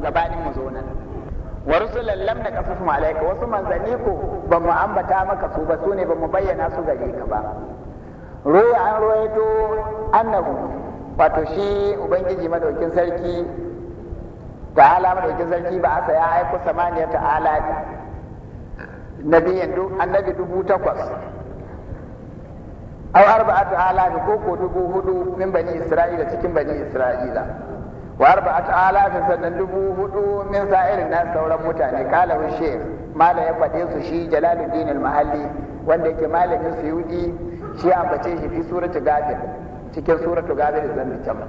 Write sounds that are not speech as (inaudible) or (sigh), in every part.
gabanin mu zo nan wa rusulan lam naqasasum alayka wasu manzanni ko ba mu ambata maka su ba sune ba mu bayyana su gare ka ba ruwa an ruwaito annabu wato shi ubangiji madaukin sarki ala madaukin sarki ba asa ya aiko samaniya ala nabiyan annabi dubu takwas aw arba'atu ala ko ko dubu hudu min bani isra'ila cikin bani isra'ila wa arba'atu alafin sannan dubu hudu min sa'irin nan sauran mutane kala shekh mala ya faɗe su shi jalaluddin al-mahalli wanda yake malamin suyudi shi ambace shi fi suratu gafir cikin suratu gafir zan can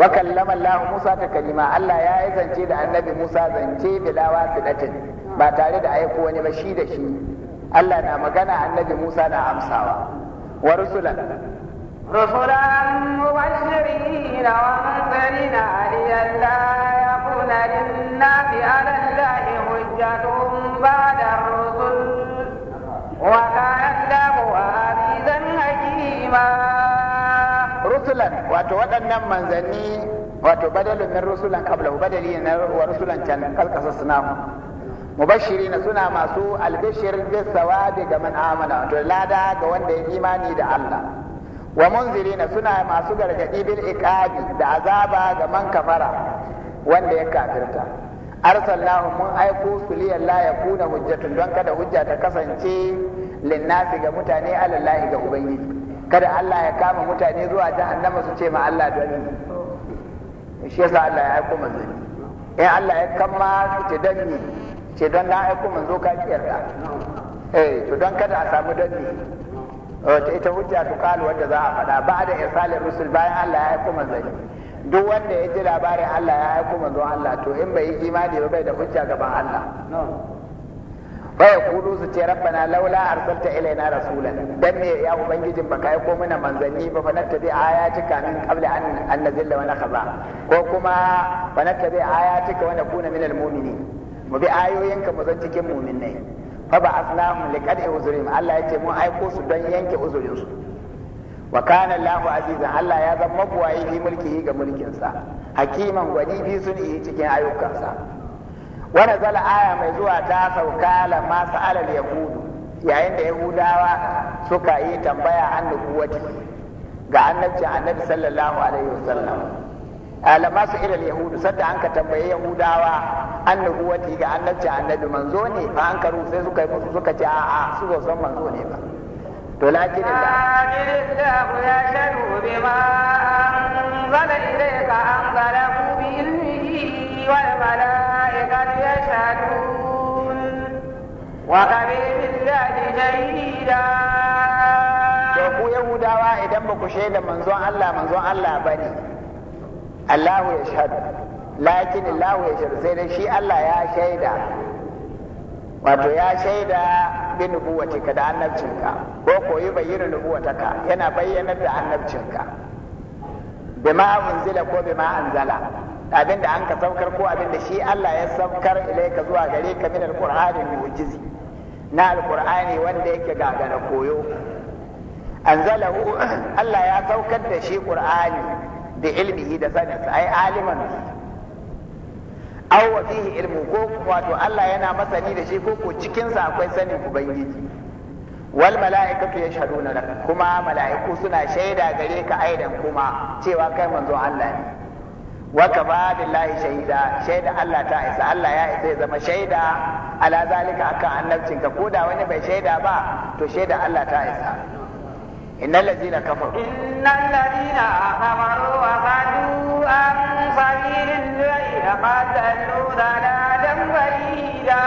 wa kallama Allah Musa ta kalima Allah ya yi zance da annabi Musa zance bila wasidatin ba tare da aiko wani ba shi da shi Allah na magana annabi Musa na amsawa wa rusulan رسلا مبشرين ومنذرين لئلا rusulan wato waɗannan manzanni wato badalun na rusulan kabla badali na rusulan can kalkasa mu mubashiri na suna masu albishir bis daga man amana wato lada ga wanda ya imani da Allah wa munzirina suna masu gargadi bil iqabi da azaba ga man kafara wanda ya kafirta arsalnahu mun aiko su li la yakuna hujjatun don kada hujja ta kasance linnasi ga mutane alallahi ga ubangiji kada Allah ya kama mutane zuwa jahannama su ce ma Allah dani shi yasa Allah ya aiko manzo in Allah ya kama ce dani ce don na aiko manzo ka kiyarta eh to don kada a samu dani wata ita hujja tuqalu wanda za a faɗa ba da irsalin rusul bayan Allah ya aiko manzanni duk wanda ya ji labarin Allah ya aiko manzo Allah to in bai yi imani ba bai da hujja gaban Allah fa yaqulu su ce rabbana laula arsalta ilaina rasulan dan me ya ba baka aiko mana manzanni ba fa nattabi ayatika min qabla an an nazilla wa nakhza ko kuma fa nattabi ayatika wa nakuna minal mu'minin mu bi ayoyinka mu zan cikin mu'minai Raba aslamu asnahum liqad'i uzurihim Allah yace mun aiko su don yanke uzurin su wa kana Allahu azizan Allah ya zama magwayi fi mulkihi ga mulkin sa hakiman gwani fi sun'i cikin ayyukansa wa nazala aya mai zuwa ta sauka la ma sa'ala yahudu yayin da yahudawa suka yi tambaya an nubuwati ga annabi annabi sallallahu alaihi wasallam alama su irin yahudu sadda an ka tambaye yahudawa annabi wati ga annabci annabi manzo ne fa an karu sai suka yi musu suka ce a'a su ba san manzo ne ba to lakin Allah ya sharu bima anzala ilayka anzalahu bi ilmihi wal malaikatu yashhadun wa qabi billahi shahida to ku yahudawa idan ba ku shaida manzon Allah manzon Allah bane Allahu ya shahadu lakin Allahu ya shahadu sai dai shi Allah ya shaida wato ya shaida bi nubuwatika da annabcinka ko koyi bayyana nubuwataka yana bayyanar da annabcinka bima unzila ko bima anzala abin da an ka saukar ko abin da shi Allah ya saukar ilaika zuwa gare ka min alqur'ani mu'jizi na alqur'ani wanda yake gagara koyo anzalahu (clears throat) Allah ya saukar da shi qur'ani da ilmihi da saninsa ai aliman aw wa fihi ilmu ko wato Allah yana masani da shi ko ko cikin sa akwai sanin ubangiji wal mala'ikatu yashhaduna lak kuma mala'iku suna shaida gare ka aidan kuma cewa kai manzo Allah ne wa kafa billahi shaida shaida Allah ta isa Allah ya isa ya zama shaida ala zalika akan annabcinka ko da wani bai shaida ba to shaida Allah ta isa إن الذين كفروا إن الذين كفروا وصدوا عن سبيل الله قد ضلوا ضلالا بعيدا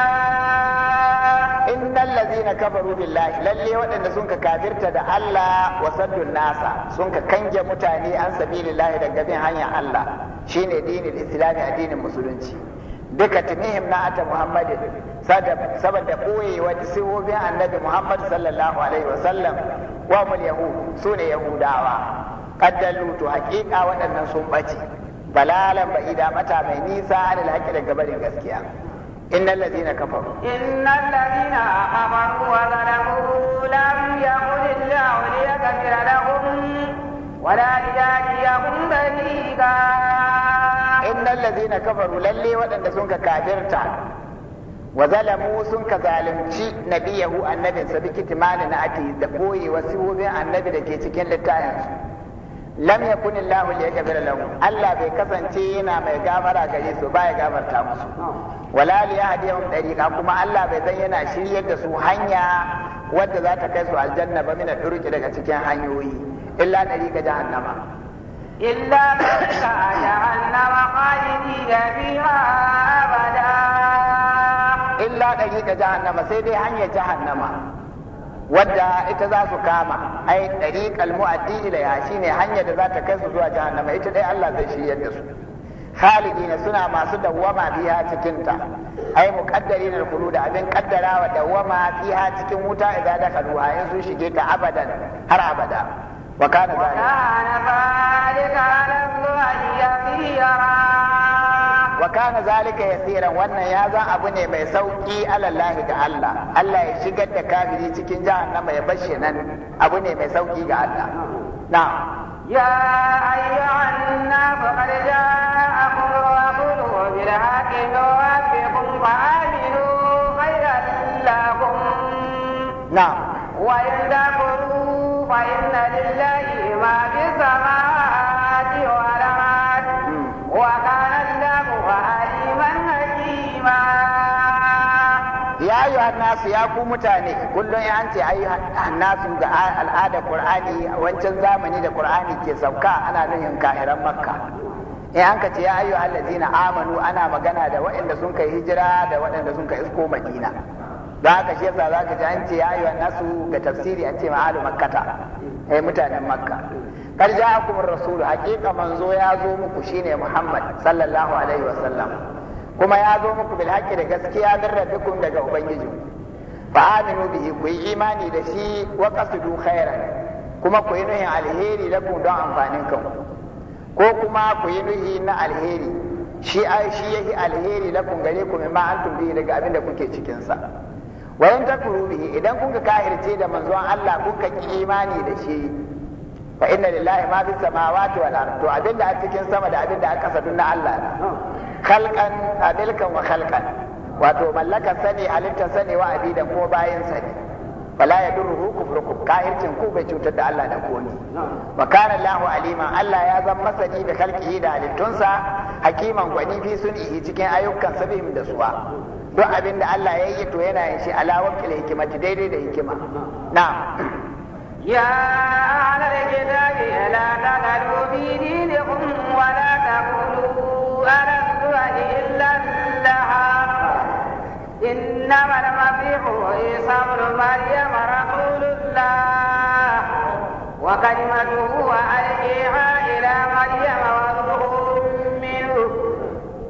إن الذين كفروا بالله للي وأن سنك كافرت دا الله وصدوا الناس سنك كنج متاني عن سبيل الله دا قبين هنيا الله شين دين الإسلام دين المسلمين duka tunihim na ata muhammadin saboda ɓoyewa da sihobin annabi muhammad sallallahu alaihi wasallam wa mul yahud sune yahudawa qaddalu to haƙiƙa waɗannan sun bace balalan Ida mata mai nisa da haqqi daga barin gaskiya إن الذين كفروا إن الذين كفروا وظلموا لم يقل الله ليغفر لهم ولا ليجزيهم بريئا إن الذين lalle waɗanda sun ka kafirta. Wazalamu sun ka zalunci nabiyahu annabin sa biki timani na ake da boye wasihobin annabi da ke cikin littafin su lam yakun illahu li yaghfira lahum Allah bai kasance yana mai gafara gare su baya gafarta musu wala li yahdihum dariqa kuma Allah bai zan yana shiryar da su hanya wadda za ta kai su aljanna ba mina turuki daga cikin hanyoyi illa dariqa jahannama illa dariqa jahannama khalidina biha abada sharaɗin yake jahannama sai dai hanyar jahannama wadda ita za su kama ai ɗariƙal mu'addi ya shine hanyar da za ta kai su zuwa jahannama ita dai Allah zai shiryar da su khalidina suna masu dawwama biya cikin ta ai muqaddarin al da abin wa dawwama biya cikin wuta idan da kaduha in sun shige ta abadan har abada wa kana zalika wa kana zalika wa kana zalika yasiran wannan ya zan abu ne mai sauki alallahi ga Allah Allah ya shigar da kafiri cikin jahannama ya bashe nan abu ne mai sauki ga Allah na ya ayyuhan nas qad ja'akum rasulun bil haqqi yuwaffiqukum wa aminu khayran lakum na wa in takfuru fa inna lillahi ma fis sama. ayyuhan nasu ya ku mutane kullum ya ce ayyuhan nasu ga al'adar qur'ani wancan zamani da qur'ani ke sauka ana nuhin kahiran makka in an ka ce ya ayyuhan allazina amanu ana magana da waɗanda sun kai hijira da waɗanda sun kai isko madina za ka shi yasa zaka ji an ce ya ayyuhan nasu ga tafsiri an ce ma'alu makkata eh mutanen makka kar ja'akum ar-rasul haqiqa manzo ya zo muku shine muhammad sallallahu alaihi wasallam kuma ya zo muku bil haqqi da gaskiya min rabbikum daga ubangiji fa aminu bihi ku yi imani da shi wa qasidu khairan kuma ku yi nuhi alheri lakum don amfanin kanku ko kuma ku yi nuhi na alheri shi shi yahi alheri lakum gare ku ma antum bihi daga abin da kuke cikin sa wa in takuru bihi idan kun ka kahirce da manzon Allah kun ka imani da shi fa inna lillahi ma fis samawati wal ard to abinda a cikin sama da abinda a kasa na Allah ne khalqan adilkan wa khalqan wato mallaka sani halitta sani wa abida ko bayin sani wala yadurruhu kufrukum kahircin ku bai cutar da Allah da komi wa kana Allahu alima Allah ya zan masani da khalqihi da halittunsa hakiman gwani fi sunihi cikin ayyukan sabihim da suwa duk abinda Allah ya yi to yana yin shi ala wakil hikimati daidai da hikima na'am يا أهل الكتاب لا تغلوا في دينكم ولا تقولوا على الله إلا الله إنما المسيح عيسى ابن مريم رسول الله وكلمته ألقيها إلى مريم وروح منه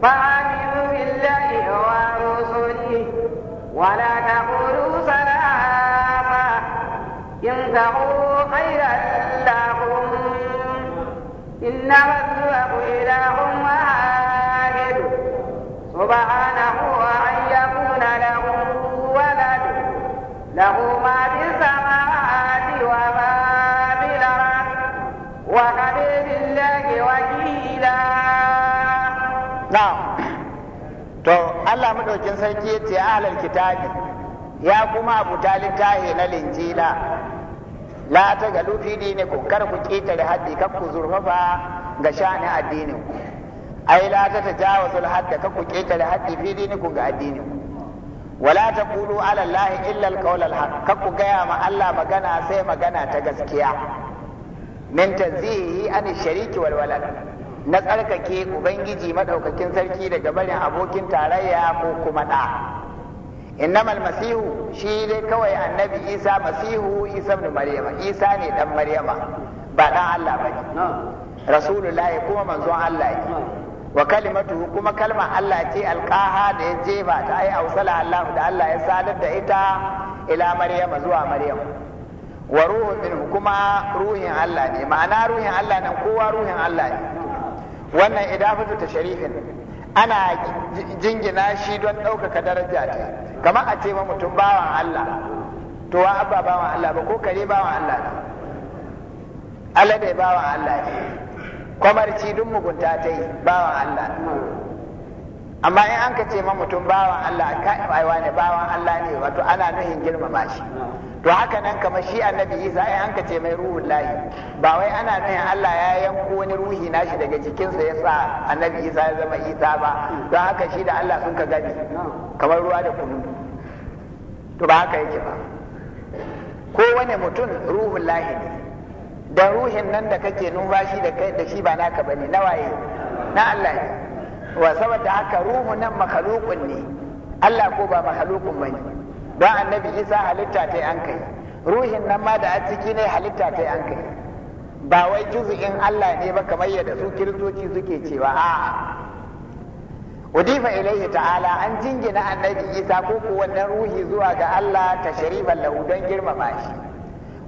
فآمنوا بالله ورسله ولا تقولوا سلام ينفعوا خيرا لهم إنما الزواج إله واحد سبحانه أن يكون له ولد له ما في السماوات وما في الأرض بالله وكيلا نعم to Allah madaukin sarki ya ce ahlal kitabi ya kuma abu talittahi na linjila la ta ga ku kar ku ketare haddi kar ku zurfafa ga sha'anin addinin ku ai la ta tajawazul hadda kar ku ketare haddi fi ku ga addinin ku wala ta kulu ala Allah illa kar ku gaya ma Allah magana sai magana ta gaskiya min tanzihi an shariki wal walad na tsarkake ubangiji madaukakin sarki daga barin abokin tarayya ko kuma da innamal masihu shi dai kawai annabi isa masihu isa ibn maryama isa ne dan maryama ba dan Allah bane rasulullahi kuma manzon Allah ne wa kalimatuhu kuma kalma Allah ce alkaha da ya jefa ta ai ausala Allah da Allah ya sadar da ita ila maryama zuwa maryam wa ruhu minhu kuma ruhin Allah ne ma'ana ruhin Allah na kowa ruhin Allah ne wannan ta tashrifin ana jingina shi don ɗaukaka daraja ta kamar a ce ma mutum bawan Allah to wa abba bawan Allah ba ko kare bawan Allah ne Allah dai bawan Allah ne kwamarci duk mugunta ta yi bawan Allah amma in an ka ce ma mutum bawan Allah ka ne bawan Allah ne wato ana nuhin girmama shi to haka nan kamar shi annabi isa ai an kace mai ruhun lahi ba wai ana nuna Allah ya yanko wani ruhi nashi daga jikinsa ya sa annabi isa ya zama isa ba don haka shi da Allah sun ka gani kamar ruwa da kunu to ba haka yake ba ko wani mutum ruhun lahi ne da ruhin nan da kake numfashi da kai da shi ba naka bane na waye na Allah ne wa saboda haka ruhu nan makhluqun ne Allah ko ba makhluqun bane don annabi isa halitta ta an kai ruhin nan ma da a ciki ne halitta ta an kai ba wai juzu'in Allah ne ba kamar yadda su kiristoci suke cewa a'a udifa ilaihi ta'ala an jingina annabi isa ko ko wannan ruhi zuwa ga Allah ta sharifan lahu don girmama shi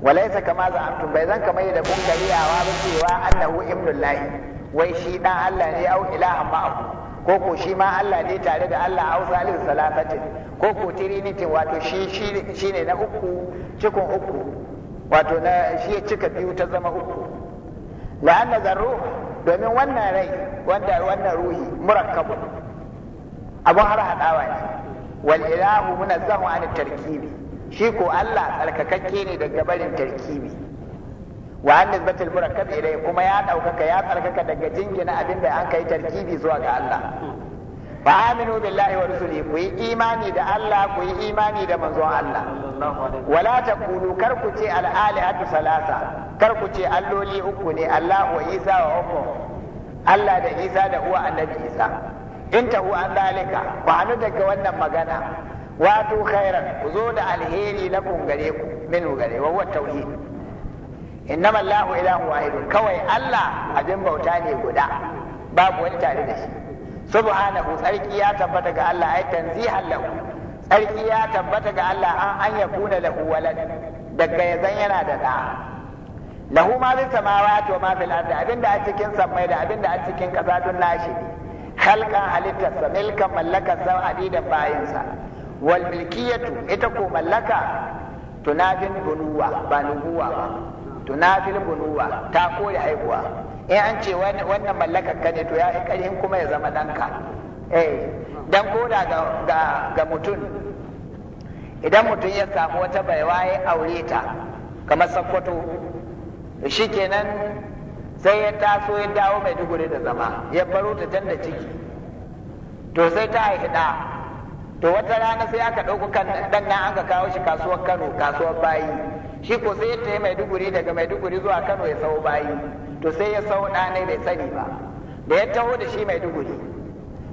walaysa kama za antum bai zan kamar yadda kun kariyawa ba cewa annahu ibnullahi wai shi dan Allah ne au ilahan ma'ahu ko ko shi ma Allah ne tare da Allah au salisu salafatin ko ko trinity wato shi ne na uku cikin uku wato na shi ya cika biyu ta zama uku la'anna zarru domin wannan rai wanda wannan ruhi murakkabu abun har haɗawa ne wal ilahu munazzahu an tarkibi shi ko Allah tsarkakakke ne daga barin tarkibi wa an nisbatul murakkab ilai kuma ya ɗaukaka ya tsarkaka daga jingina abin da an kai tarkibi zuwa ga Allah fa aminu billahi wa rusuli ku yi imani da Allah ku yi imani da manzon Allah wala taqulu kar ku ce al alihatu salasa kar ku ce alloli uku ne Allah wa Isa wa uku Allah da Isa da uwa annabi Isa in ta an dalika ku hannu daga wannan magana wato khairan ku zo da alheri na gare ku minu gare wa tauhid Inna Allahu ilahu wahidun kawai Allah abin bauta ne guda babu wani tari da shi subhanahu tsarki ya tabbata ga Allah ai tanzihan lahu tsarki ya tabbata ga Allah an an yakuna lahu walad daga yazan yana da da lahu ma zai samawati wa ma fil abinda a cikin sammai da abinda a cikin kasa dun nashi khalqan halittarsa milkan mallakar sa adidan bayinsa wal milkiyatu ita ko mallaka tunafin bunuwa ba nubuwa ba tunafil buluwa ta kore haihuwa in an ce wannan mallakar ka ne to ya yi ƙarhin kuma ya zama ɗanka eh dan koda ga ga, ga mutum idan mutum ya samu wata baiwa ya aure ta kamar sakkwato shikenan sai ya taso ya dawo mai dugure da zama ya baro ta tanda ciki to sai ta haihu da to wata rana sai aka ɗauko kan ɗan nan an ka kawo shi kasuwar kano kasuwar bayi shi ko sai ya tafi maiduguri daga maiduguri zuwa kano ya sau bayi to sai ya sau ɗanai bai sani ba da ya taho da shi maiduguri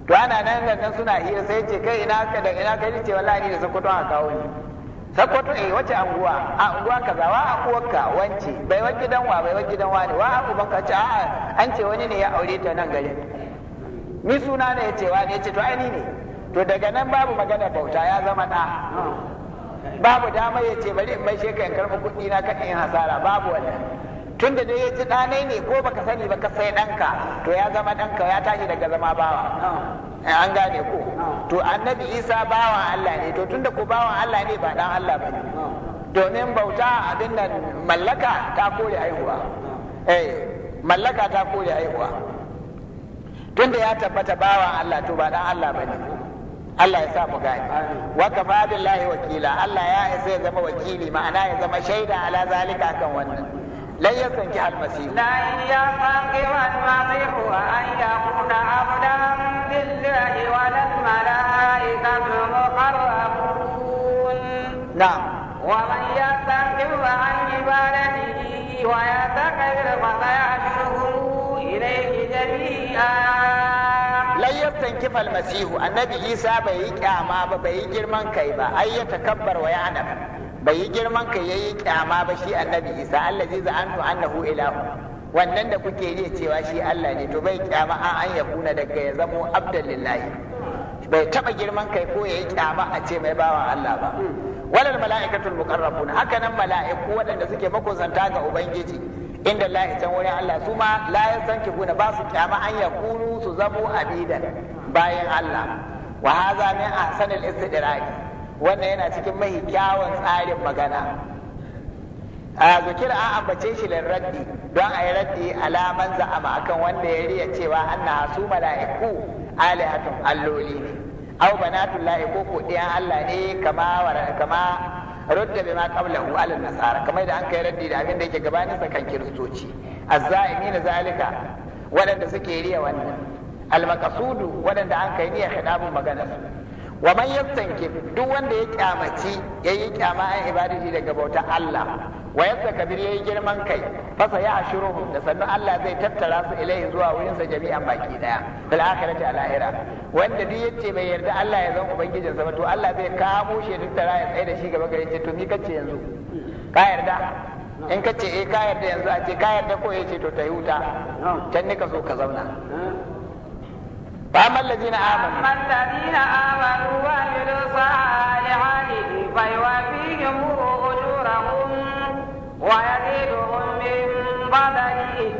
to ana nan nan suna hira sai ce kai ina ka da ina ka ce wallahi ni da sakkwato a kawo ni sakkwato eh wace anguwa a anguwa kaza wa anguwarka wance bai wa gidan wa bai wa gidan wa ne wa abuban ka ce A'a an ce wani ne ya aure ta nan garin ni suna ne ya ce wa ne ya ce to ai ni ne to daga nan babu magana bauta ya zama da babu dama ya ce bari in mai sheka in karɓi kuɗi na kan in hasara babu wani tun da dai ya ci ɗanai ne ko baka sani ba ka sai ɗanka to ya zama ɗanka ya tashi daga zama bawa an gane ko to annabi isa bawa allah ne to tunda ko bawan allah ne ba ɗan allah ba domin bauta abin nan mallaka ta kore haihuwa eh mallaka ta kore haihuwa tunda ya tabbata bawan allah to ba ɗan allah ba ne Allah ya sa mu gane wa kafa billahi wakila Allah ya isa ya zama wakili ma'ana ya zama shaida ala zalika kan wannan Lai lan yasanki almasihu ya la yasanki almasihu an yakuna abdan billahi wa lil malaikatu muqarrabun na'am wa man yasanki an ibadatihi wa ya yataqir fa sayahshuruhu ilayhi jami'a lan kifal masihu annabi isa bai yi kyama ba bai yi girman kai ba ai ya wa yana bai yi girman kai yayi kyama ba shi annabi isa allazi za'antu annahu ilahu wannan da kuke yi cewa shi Allah ne to bai kyama an an ya kuna daga ya zamo Abdullahi. bai taba girman kai ko yayi kyama a ce mai bawa Allah ba walal mala'ikatul mukarrabun haka nan mala'iku waɗanda suke makusanta ga ubangiji inda lahi can wurin Allah su ma la yastankifuna ba su kyama an kunu su zamo abidan bayan Allah wa a min ahsanil wanda wannan yana cikin mahi kyawun tsarin magana a zukir an ambace shi lin raddi don a yi raddi alaman za'ama akan wanda ya riya cewa anna su mala'iku alihatun alloli ne au banatul la'iku ko ko Allah ne kama kama radda bima qablahu ala nasara kamar da an kai raddi da abin da yake gabanin sakan kan kiristoci na zalika waɗanda suke riya wannan almakasudu waɗanda an kai niyyar khidabun magana wa man yastanki duk wanda ya kyamaci yi kyama an ibadati daga bauta Allah wa yadda ya yayi girman kai fasa ya ashuruhum da sannu Allah zai tattara su ilai zuwa wurin sa jami'an baki daya fil akhirati al ahira wanda duk yace bai yarda Allah ya zama ubangijin sa to Allah zai kamo shi tattara ya tsaye da shi gaba gare shi to ni kace yanzu ka yarda in kace eh ka yarda yanzu a ce ka yarda ko yace to ta wuta? can ka so ka zauna فأما الذين آمنوا فأما الذين آمنوا وعملوا الصالحات فيوفيهم أجورهم ويزيدهم من فضله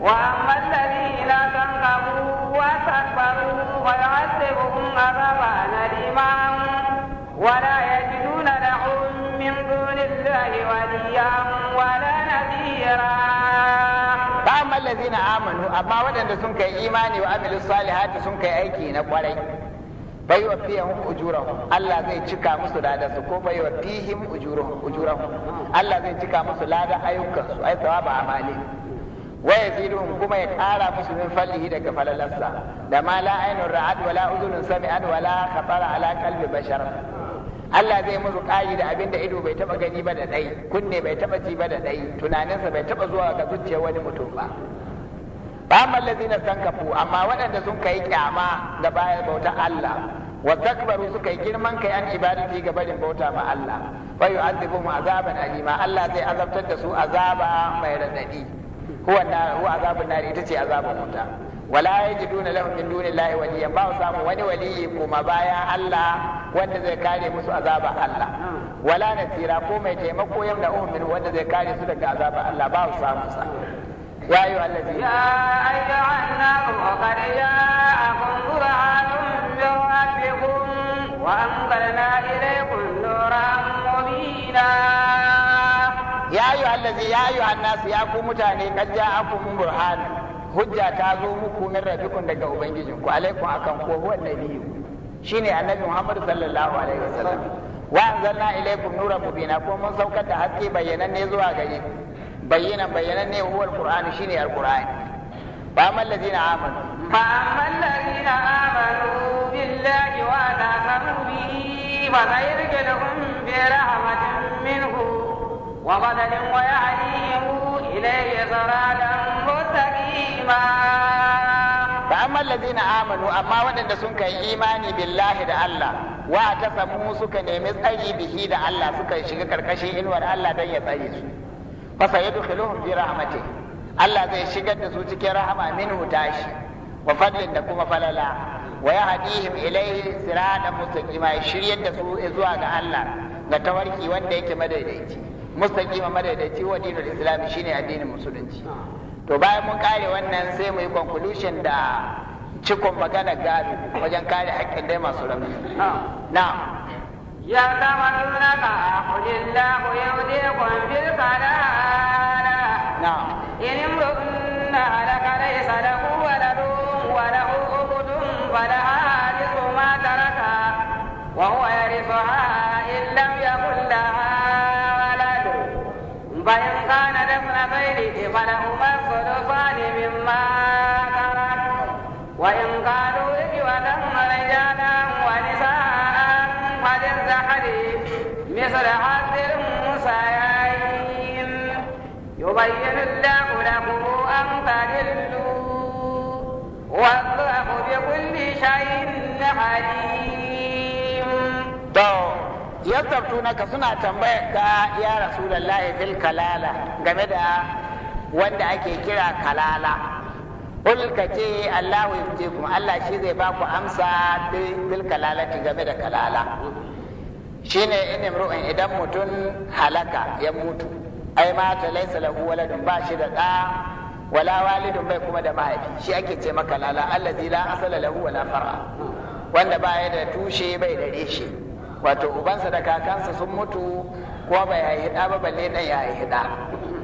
وأما الذين كذبوا واستكبروا فيعذبهم عذابا أليما ولا يجدون لهم من دون الله وليا ولا نذيرا amma lazina amanu amma waɗanda sun kai imani wa amilu salihati sun kai aiki na kwarai bai wa fihim ujurahum Allah zai cika musu lada su ko bai wa fihim ujurahum Allah zai cika musu lada ayyukan su ai thawaba amali Waye yazidum kuma ya ƙara musu min fallihi daga falalarsa da ma la ainun ra'ad wala udhunun sami'at wala khatara ala qalbi bashar Allah zai musu ƙari da abin da ido bai taba gani ba da ɗai kunne bai taba ji ba da ɗai tunaninsa bai taba zuwa ga zuciyar wani mutum ba ba san kafu amma waɗanda sun kai kyama da bayan bautar Allah wa takbaru suka yi girman kai an ibadati ga barin bauta ma Allah fa yu'adhibuhum azaban alima Allah zai azabtar da su azaba mai radadi huwa na huwa azabun nari ita ce azabun wuta wala yajiduna lahum min dunillahi waliyan ba samu wani waliyi kuma bayan Allah wanda zai kare musu azaba Allah wala nasira ko mai taimako yau da wanda zai kare su daga azaba Allah ba samu sa ya ayu allazi ya ayyuhanna qad ja'akum burhanun min rabbikum wa anzalna ilaykum nuran mubina ya ayu allazi ya ayyuhan nas ya mutane qad ja'akum hujja ta zo muku min rabikun daga ubangijin ku alaikum akan ko huwa nabiyyu shine annabi Muhammad sallallahu alaihi wasallam wa anzalna ilaykum nuran mubina ko mun saukar da haske bayyananne zuwa gare ku bayyana bayyananne huwa alquran shine alquran fa amma allazina amanu fa amma allazina amanu billahi wa amanu bihi wa sayrjulhum bi rahmatin minhu wa fadlin wa yahdihim ilayhi siradan Ba fa amma alladhina amanu amma waɗanda sun kai imani billahi da Allah wa tasamu suka nemi tsayi bihi da Allah suka shiga karkashin inuwar Allah dan ya tsare su fa sayadkhuluhum bi rahmatih Allah zai shigar da su cikin rahama minhu tashi wa fadlin da kuma falala wa hadihim, ilayhi siratan mustaqima shiryar da su zuwa ga Allah ga tawarki wanda yake madaidaici mustaqima madaidaici wa dinul islam shine addinin musulunci to bayan mun kare wannan sai mu yi conclusion da cikon magana gado wajen kare haƙƙin dai masu rami na ya zama nuna ka kulilla ku yau ne kwanfil kala na in murna da kare sada kuwa da wa da hukudun wa da su ma taraka wa huwa yarisu ha in ya kula. ha فإن كان لاثنتين فلهما الثلثان مما ترك وإن قالوا إخوة رجالا ونساء فللذكر مثل حظ المنثيين يبين الله لكم أن تذلوا والله بكل شيء عليم ka suna tambayar ka ya rasulullahi fil kalala game da wanda ake kira kalala kul ka ce Allahu yubtikum Allah shi zai ba ku amsa bil kalalati game da kalala shine in imru'in idan mutum halaka ya mutu ai mata laysa lahu waladun ba shi da da wala walidun bai kuma da mahaifi shi ake ce maka lala allazi la asala lahu wala fara wanda ba ya da tushe bai da reshe wato ubansa da kakansa sun mutu ko bai haihida ba balle dan ya haihida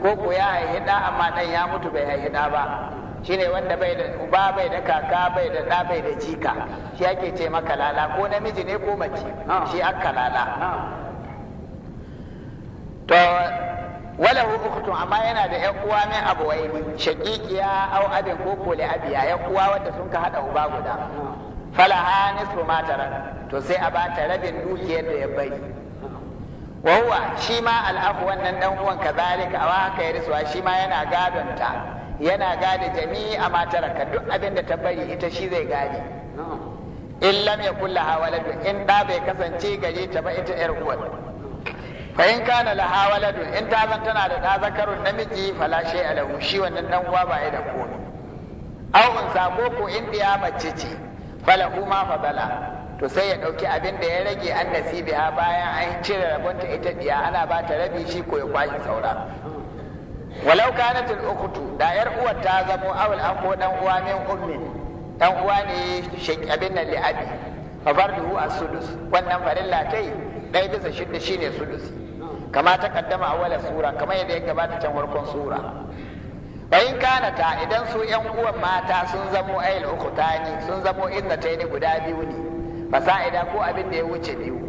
ko ko ya haihida amma dan ya mutu bai haihida ba shine wanda bai da uba bai da kaka bai da da bai da jika shi ake ce maka lala ko namiji ne ko mace shi aka lala to wala ukhtun amma yana da ƴan uwa min abuwai, shaqiqiya au abin ko ko abiya ƴan uwa wanda sun ka hada uba guda falaha nisfu ma tara to sai a bata rabin dukiyar da ya bai wawa shi ma al'afu wannan dan uwan kazalika a haka ya risuwa shi ma yana gadon ta yana gada a ma ka duk abin da ta bari ita shi zai gadi in lam yakul laha waladu in da bai kasance gare ta ba ita yar uwar fa in kana laha waladu in ta zan tana da da zakarun namiji fala shay alahu shi wannan dan uwa ba ya da komai au in sako ko in diya mace ce falahu ma bala, to sai ya ɗauki abin da ya rage an nasibiha bayan an cire rabonta ita diya ana ba ta rabi shi ko ya kwashi saura walau kanat al da yar uwar ta zamo awal an ko dan uwa min ummi dan uwa ne shek abin nan li abi fa farduhu as-sudus wannan farilla kai dai bisa shidda shine sudusi kama ta kaddama awwala sura kamar yadda ya gabata can farkon sura bayin ta idan su yan uwan mata sun zamo ayil ne sun zamo ta ne guda biyu ne fasa'ida ko abin da ya wuce biyu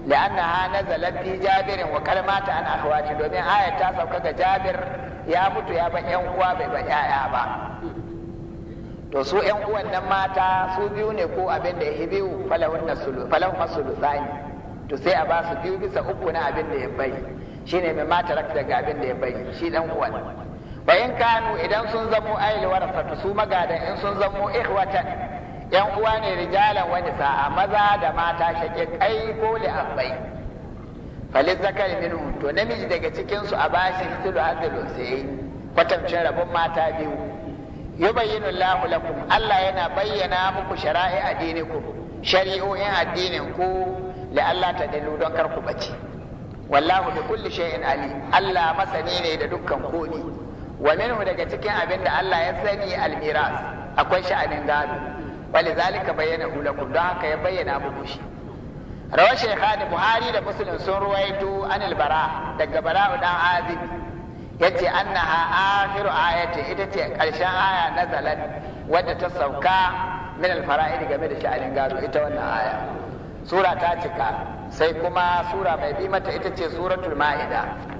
لأنها نزلت في جابر وكلمات عن domin دومين ta sauka ga jabir ya mutu ya ban yan uwa bai ban yaya ba to su yan uwan nan mata su biyu ne ko abin da ya biyu falahun nasulu falahun masulu tsani to sai a ba su biyu bisa uku na abin da ya bai shine mai mata rak daga abin da ya bai shi dan uwan wa in kanu idan sun zamo ayil warasata su magadan in sun zamo ikhwatan yan uwa ne rijalan wani sa'a maza da mata shake kai ko li abai falil zakari min to namiji daga cikin su a bashi hikilu adalun sai kwatancin rabon mata biyu yubayyinu Allahu lakum Allah yana bayyana muku shara'i addinikum shari'o'in addinin ku la Allah ta dalu don kar ku bace wallahu bi kulli shay'in Ali. Allah masani ne da dukkan kodi wa minhu daga cikin abin da Allah ya sani a almiras akwai sha'anin gado wali zalika bayyana lakum don haka ya bayyana muku shi rawar shaykhani buhari da muslim sun ruwaito an albara daga bara'u dan azib yace annaha akhiru ayati ita ce karshen aya nazalat wadda ta sauka min alfara'id game da sha'anin gado ita wannan aya sura ta cika sai kuma sura mai bi mata ita ce suratul ma'ida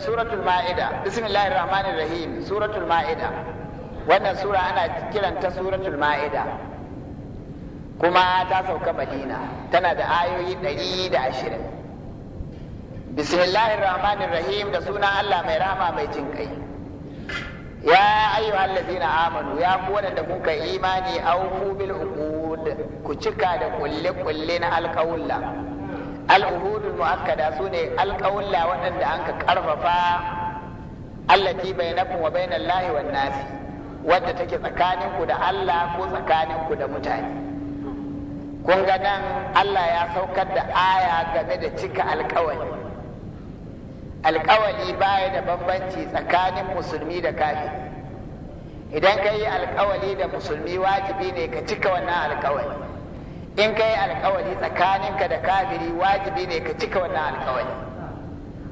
suratul ma'ida bismillahir rahmanir rahim suratul ma'ida wannan sura ana kiranta suratul ma'ida kuma ta sauka badina, tana da ayoyi 120 bismillahir rahmanir rahim da suna Allah mai rahama mai jin kai ya ayyuhal ladina amanu ya ku da kuka imani aufu bil uqud ku cika da kulle kulle na mu'akkada su ne alƙawulla waɗanda an ka ƙarfafa allati bainakum wa na lahi wani nasi wadda take tsakaninku da Allah ko tsakaninku da mutane kun ga nan Allah ya saukar da aya game da cika alƙawali. Alƙawali baya da bambanci tsakanin musulmi da kafiri idan ka yi alƙawali da musulmi wajibi ne ka cika wannan alƙawali. in ka yi alkawari tsakaninka da kafiri wajibi ne ka cika wannan alkawari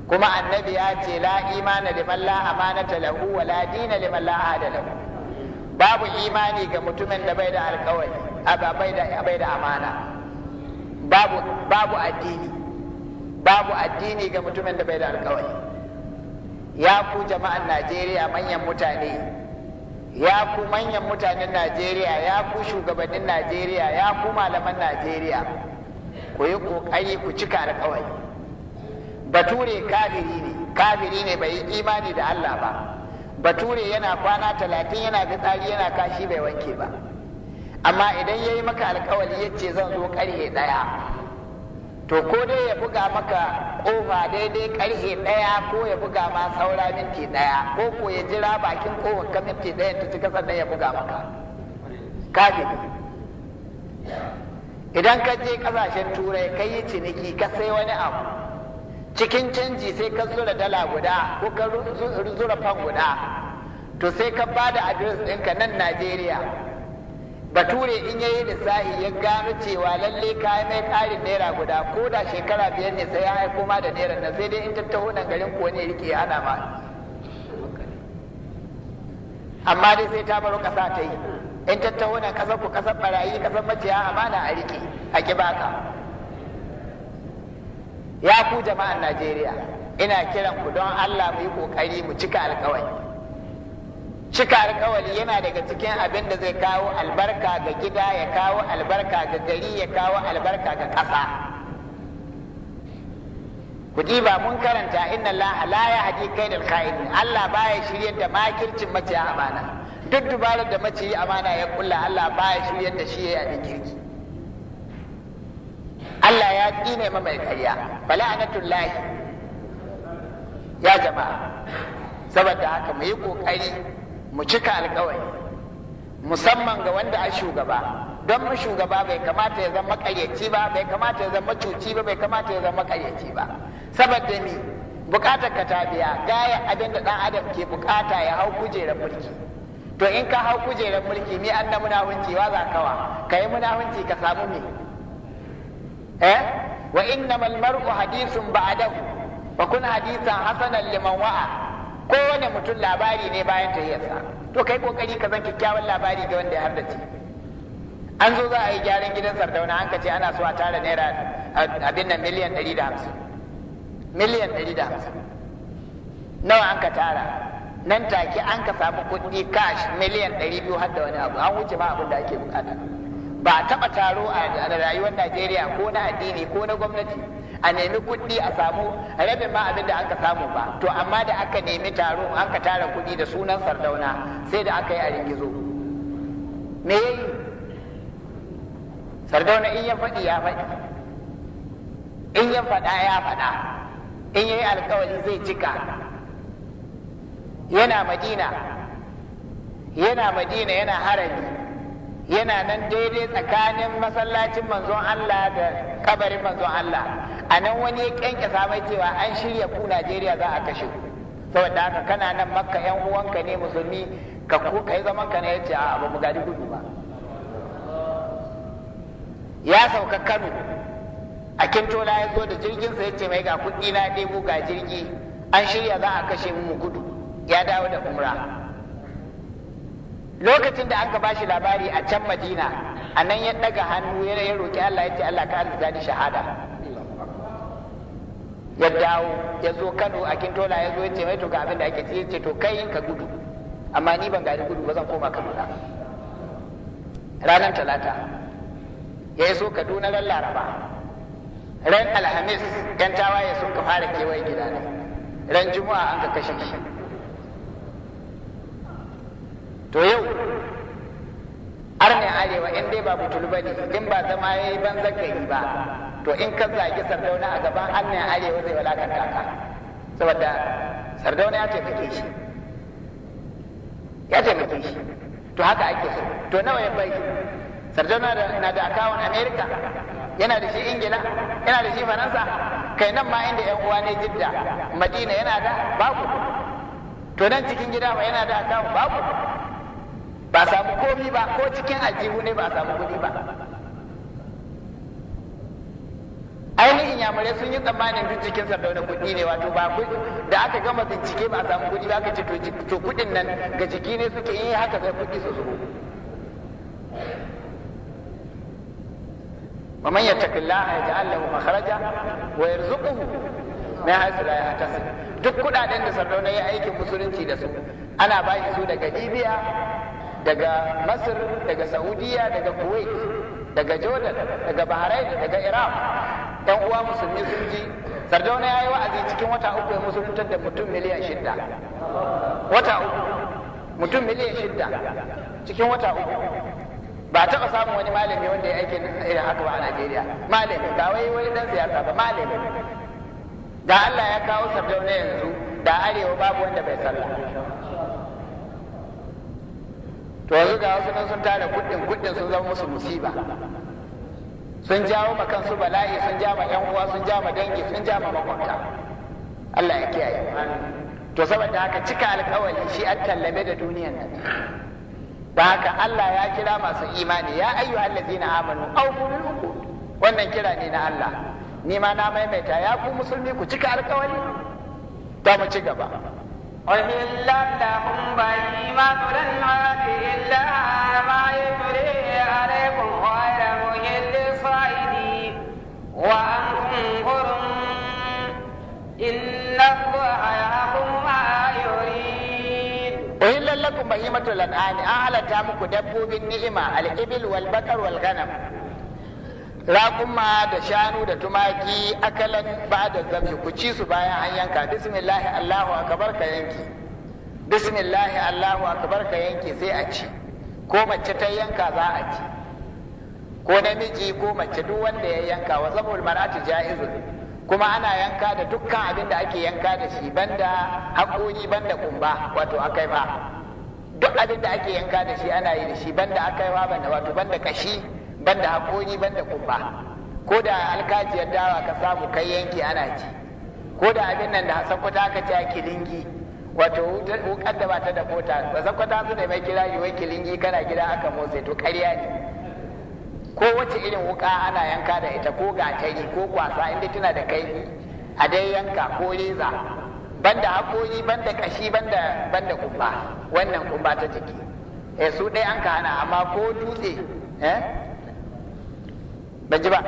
kuma annabi ya ce la imana liman la amanata lahu wa la dina liman la ahada lahu babu imani ga mutumin da bai da alkawari bai da bai da amana babu babu addini babu addini ga mutumin da bai da alkawari ya ku jama'an Najeriya manyan mutane ya ku manyan mutanen Najeriya ya ku shugabannin Najeriya ya ku malaman Najeriya ku yi kokari ku cika alkawari bature kafiri ne kafiri ne bai yi imani da Allah ba bature yana kwana talatin yana fitsari yana kashi bai wanke ba amma idan ya yi maka alkawari yace zan zo karye ɗaya to ko dai ya buga maka kofa daidai karfe daya ko ya buga ma saura minti daya ko ko ya jira bakin kofa ka minti daya ta cika sannan ya buga maka kafin idan ka je ƙasashen turai ka yi ciniki ka sai wani abu cikin canji sai ka zura dala guda ko ka zura fan guda to sai ka ba da adres ɗinka nan najeriya bature in yayi lissahi ya gano cewa lalle kayan mai ƙarin naira guda ko da shekara biyar ne sai ya aiko ma da naira nan sai dai in tattaho nan garin ko ne yake ana ma amma dai sai ta baro ƙasa ta yi in tattaho nan ƙasar ku ƙasar barayi ƙasar maciya amana a rike a ki baka ya ku jama'an Najeriya ina kiran ku don Allah mu yi kokari mu cika alƙawari cika alkawali yana daga cikin abin da zai kawo albarka ga gida ya kawo albarka ga gari ya kawo albarka ga ƙasa ku ba mun karanta inna Allah la kai da alkhaini Allah baya shiryar da makircin mace amana duk dubarar da mace amana ya kulla Allah baya shiryar da shi ya da kirki Allah ya kine ma mai karya bala'anatullahi ya jama'a saboda haka mu yi kokari mu cika alkawari musamman ga wanda a shugaba don mu shugaba bai kamata ya zama makaryaci ba bai kamata ya zama cuci ba bai kamata ya zama makaryaci ba saboda ni bukatar ka ta biya gaya abin da dan adam ke bukata ya hau kujerar mulki to in ka hau kujerar mulki ni an na hunci wa za kawa ka yi hunci ka samu me eh wa innamal mar'u hadithun ba'dahu wa kun hadithan hasanan liman wa'a kowane mutum labari ne bayan ta sa, to kai kokari ka zan kyakkyawan labari ga wanda ya hardace an zo za a yi gyaran gidan sardauna an ce ana so a tara naira abin nan miliyan 150 miliyan 150 nawa an ka tara nan take an ka samu kuɗi cash miliyan 200 har da wani abu an wuce ma abin da ake bukata ba a taɓa taro a rayuwar najeriya ko na addini ko na gwamnati a nemi kuɗi a samu rabin ma abin da aka samu ba to amma da aka nemi taro aka tara kuɗi da sunan sardauna sai da aka yi a ringizo me yayi sardauna in ya faɗi ya faɗi in ya faɗa ya faɗa in ya yi alkawari zai cika yana madina yana madina yana harami yana nan daidai tsakanin masallacin manzon Allah da kabarin manzon Allah a nan wani ya kyankyasa mai cewa an shirya ku Najeriya za a kashe ku saboda haka kana nan makka yan uwanka ne musulmi ka ku kai zaman ka ne yace a ba mu gadi gudu ba ya sauka Kano a Kintola ya zo da jirgin sa ce mai ga kuɗi na ɗebo ga jirgi an shirya za a kashe mu mu gudu ya dawo da umra lokacin da an ka bashi labari a can madina a nan ya daga hannu ya roƙi allah ya ce allah ka arzika ni shahada ya dawo ya zo kano a kintola ya zo ya ce mai to ga abin da ake ce to kai ka gudu amma ni ban gari gudu ba zan koma kaduna ranar talata ya yi so kaduna ran laraba ran alhamis yan tawaye sun ka fara kewaye gidana, ran juma'a an ka kashe shi to yau arne arewa in dai ba butulu ba ne in ba zama ya yi ban zagayi ba to in ka zagi sardauna a gaban arne arewa zai wala ka saboda sardauna ya taimake shi ya taimake shi to haka ake so to nawa ya bai sardauna na da akawun Amerika, yana da shi ingila yana da shi faransa kai nan ma inda yan uwa ne jidda madina yana da babu to nan cikin gida ma yana da akawun babu ba samu komi ba ko cikin aljihu ne ba samu kuɗi ba ainihin yamurai sun yi tsammanin duk cikin sardauna kuɗi ne wato ba da aka gama bincike ba a samu kuɗi ba aka ce to kuɗin nan ga jiki ne suke yi haka zai kuɗi su zubo ومن يتق الله يجعل له مخرجا ويرزقه من حيث لا يحتسب duk kudaden da sardauna ya aikin musulunci da su ana bai su daga jibiya daga masar daga saudiya daga kuwait daga jordan daga bahrain daga iraq ɗan uwa musulmi sun ji sardauna ya yi wa'azi cikin wata uku ya musulmantar da mutum miliyan shidda wata uku mutum miliyan shidda cikin wata uku ba taɓa samun wani malami wanda ya aiki irin haka ba a najeriya malami ba wai wani dan siyasa ba malami da allah ya kawo sardauna yanzu da arewa babu wanda bai sallah wasu ga wasu nan sun tara kuɗin kuɗin sun zama musu musiba sun jawo ma kansu bala'i sun ja ma yan uwa sun ja ma dangi sun ja ma makwabta Allah ya kiyaye to saboda haka cika alkawali shi an tallame da duniyan nan ba haka Allah ya kira masu imani ya ayyu allazina amanu aw wannan kira ne na Allah ni ma na maimaita ya ku musulmi ku cika alkawari ta mu ci gaba أحل لكم بهيمة الأنعام إلا ما يتلي عليكم غير محل الصيد وأنتم حرم إن الله يحكم ما يريد أحل لكم بهيمة الأنعام أهلت muku dabbobin ni'ima al-ibil wal bakar wal ghanam raƙuma da shanu da tumaki akalan ba da zafi ku ci su bayan an yanka bismillahi allahu akbar ka yanki bismillahi allahu akbar ka yanki sai a ci ko mace ta yanka za a ci ko namiji ko mace duk wanda ya yanka wa zabul mar'ati ja'izu. kuma ana yanka da dukkan abin da ake yanka da shi banda haƙoƙi banda kumba wato akai ba duk abin da ake yanka da shi ana yi da shi banda akai ba banda wato banda kashi banda haƙori banda kumba ko da alkajiyar dawa ka samu kai yanki ana ci ko da abin nan da kwata ka ci a kilingi wato wukar da ba ta da kota ba kwata su ne mai kira yi wai kilingi kana gida aka motsa to ƙarya ne ko wace irin wuka ana yanka da ita ko gatari ko kwasa inda tana da kai a dai yanka ko reza banda haƙori banda kashi banda banda kumba wannan kumba ta jiki eh su dai an ka hana amma ko dutse eh ban ji ba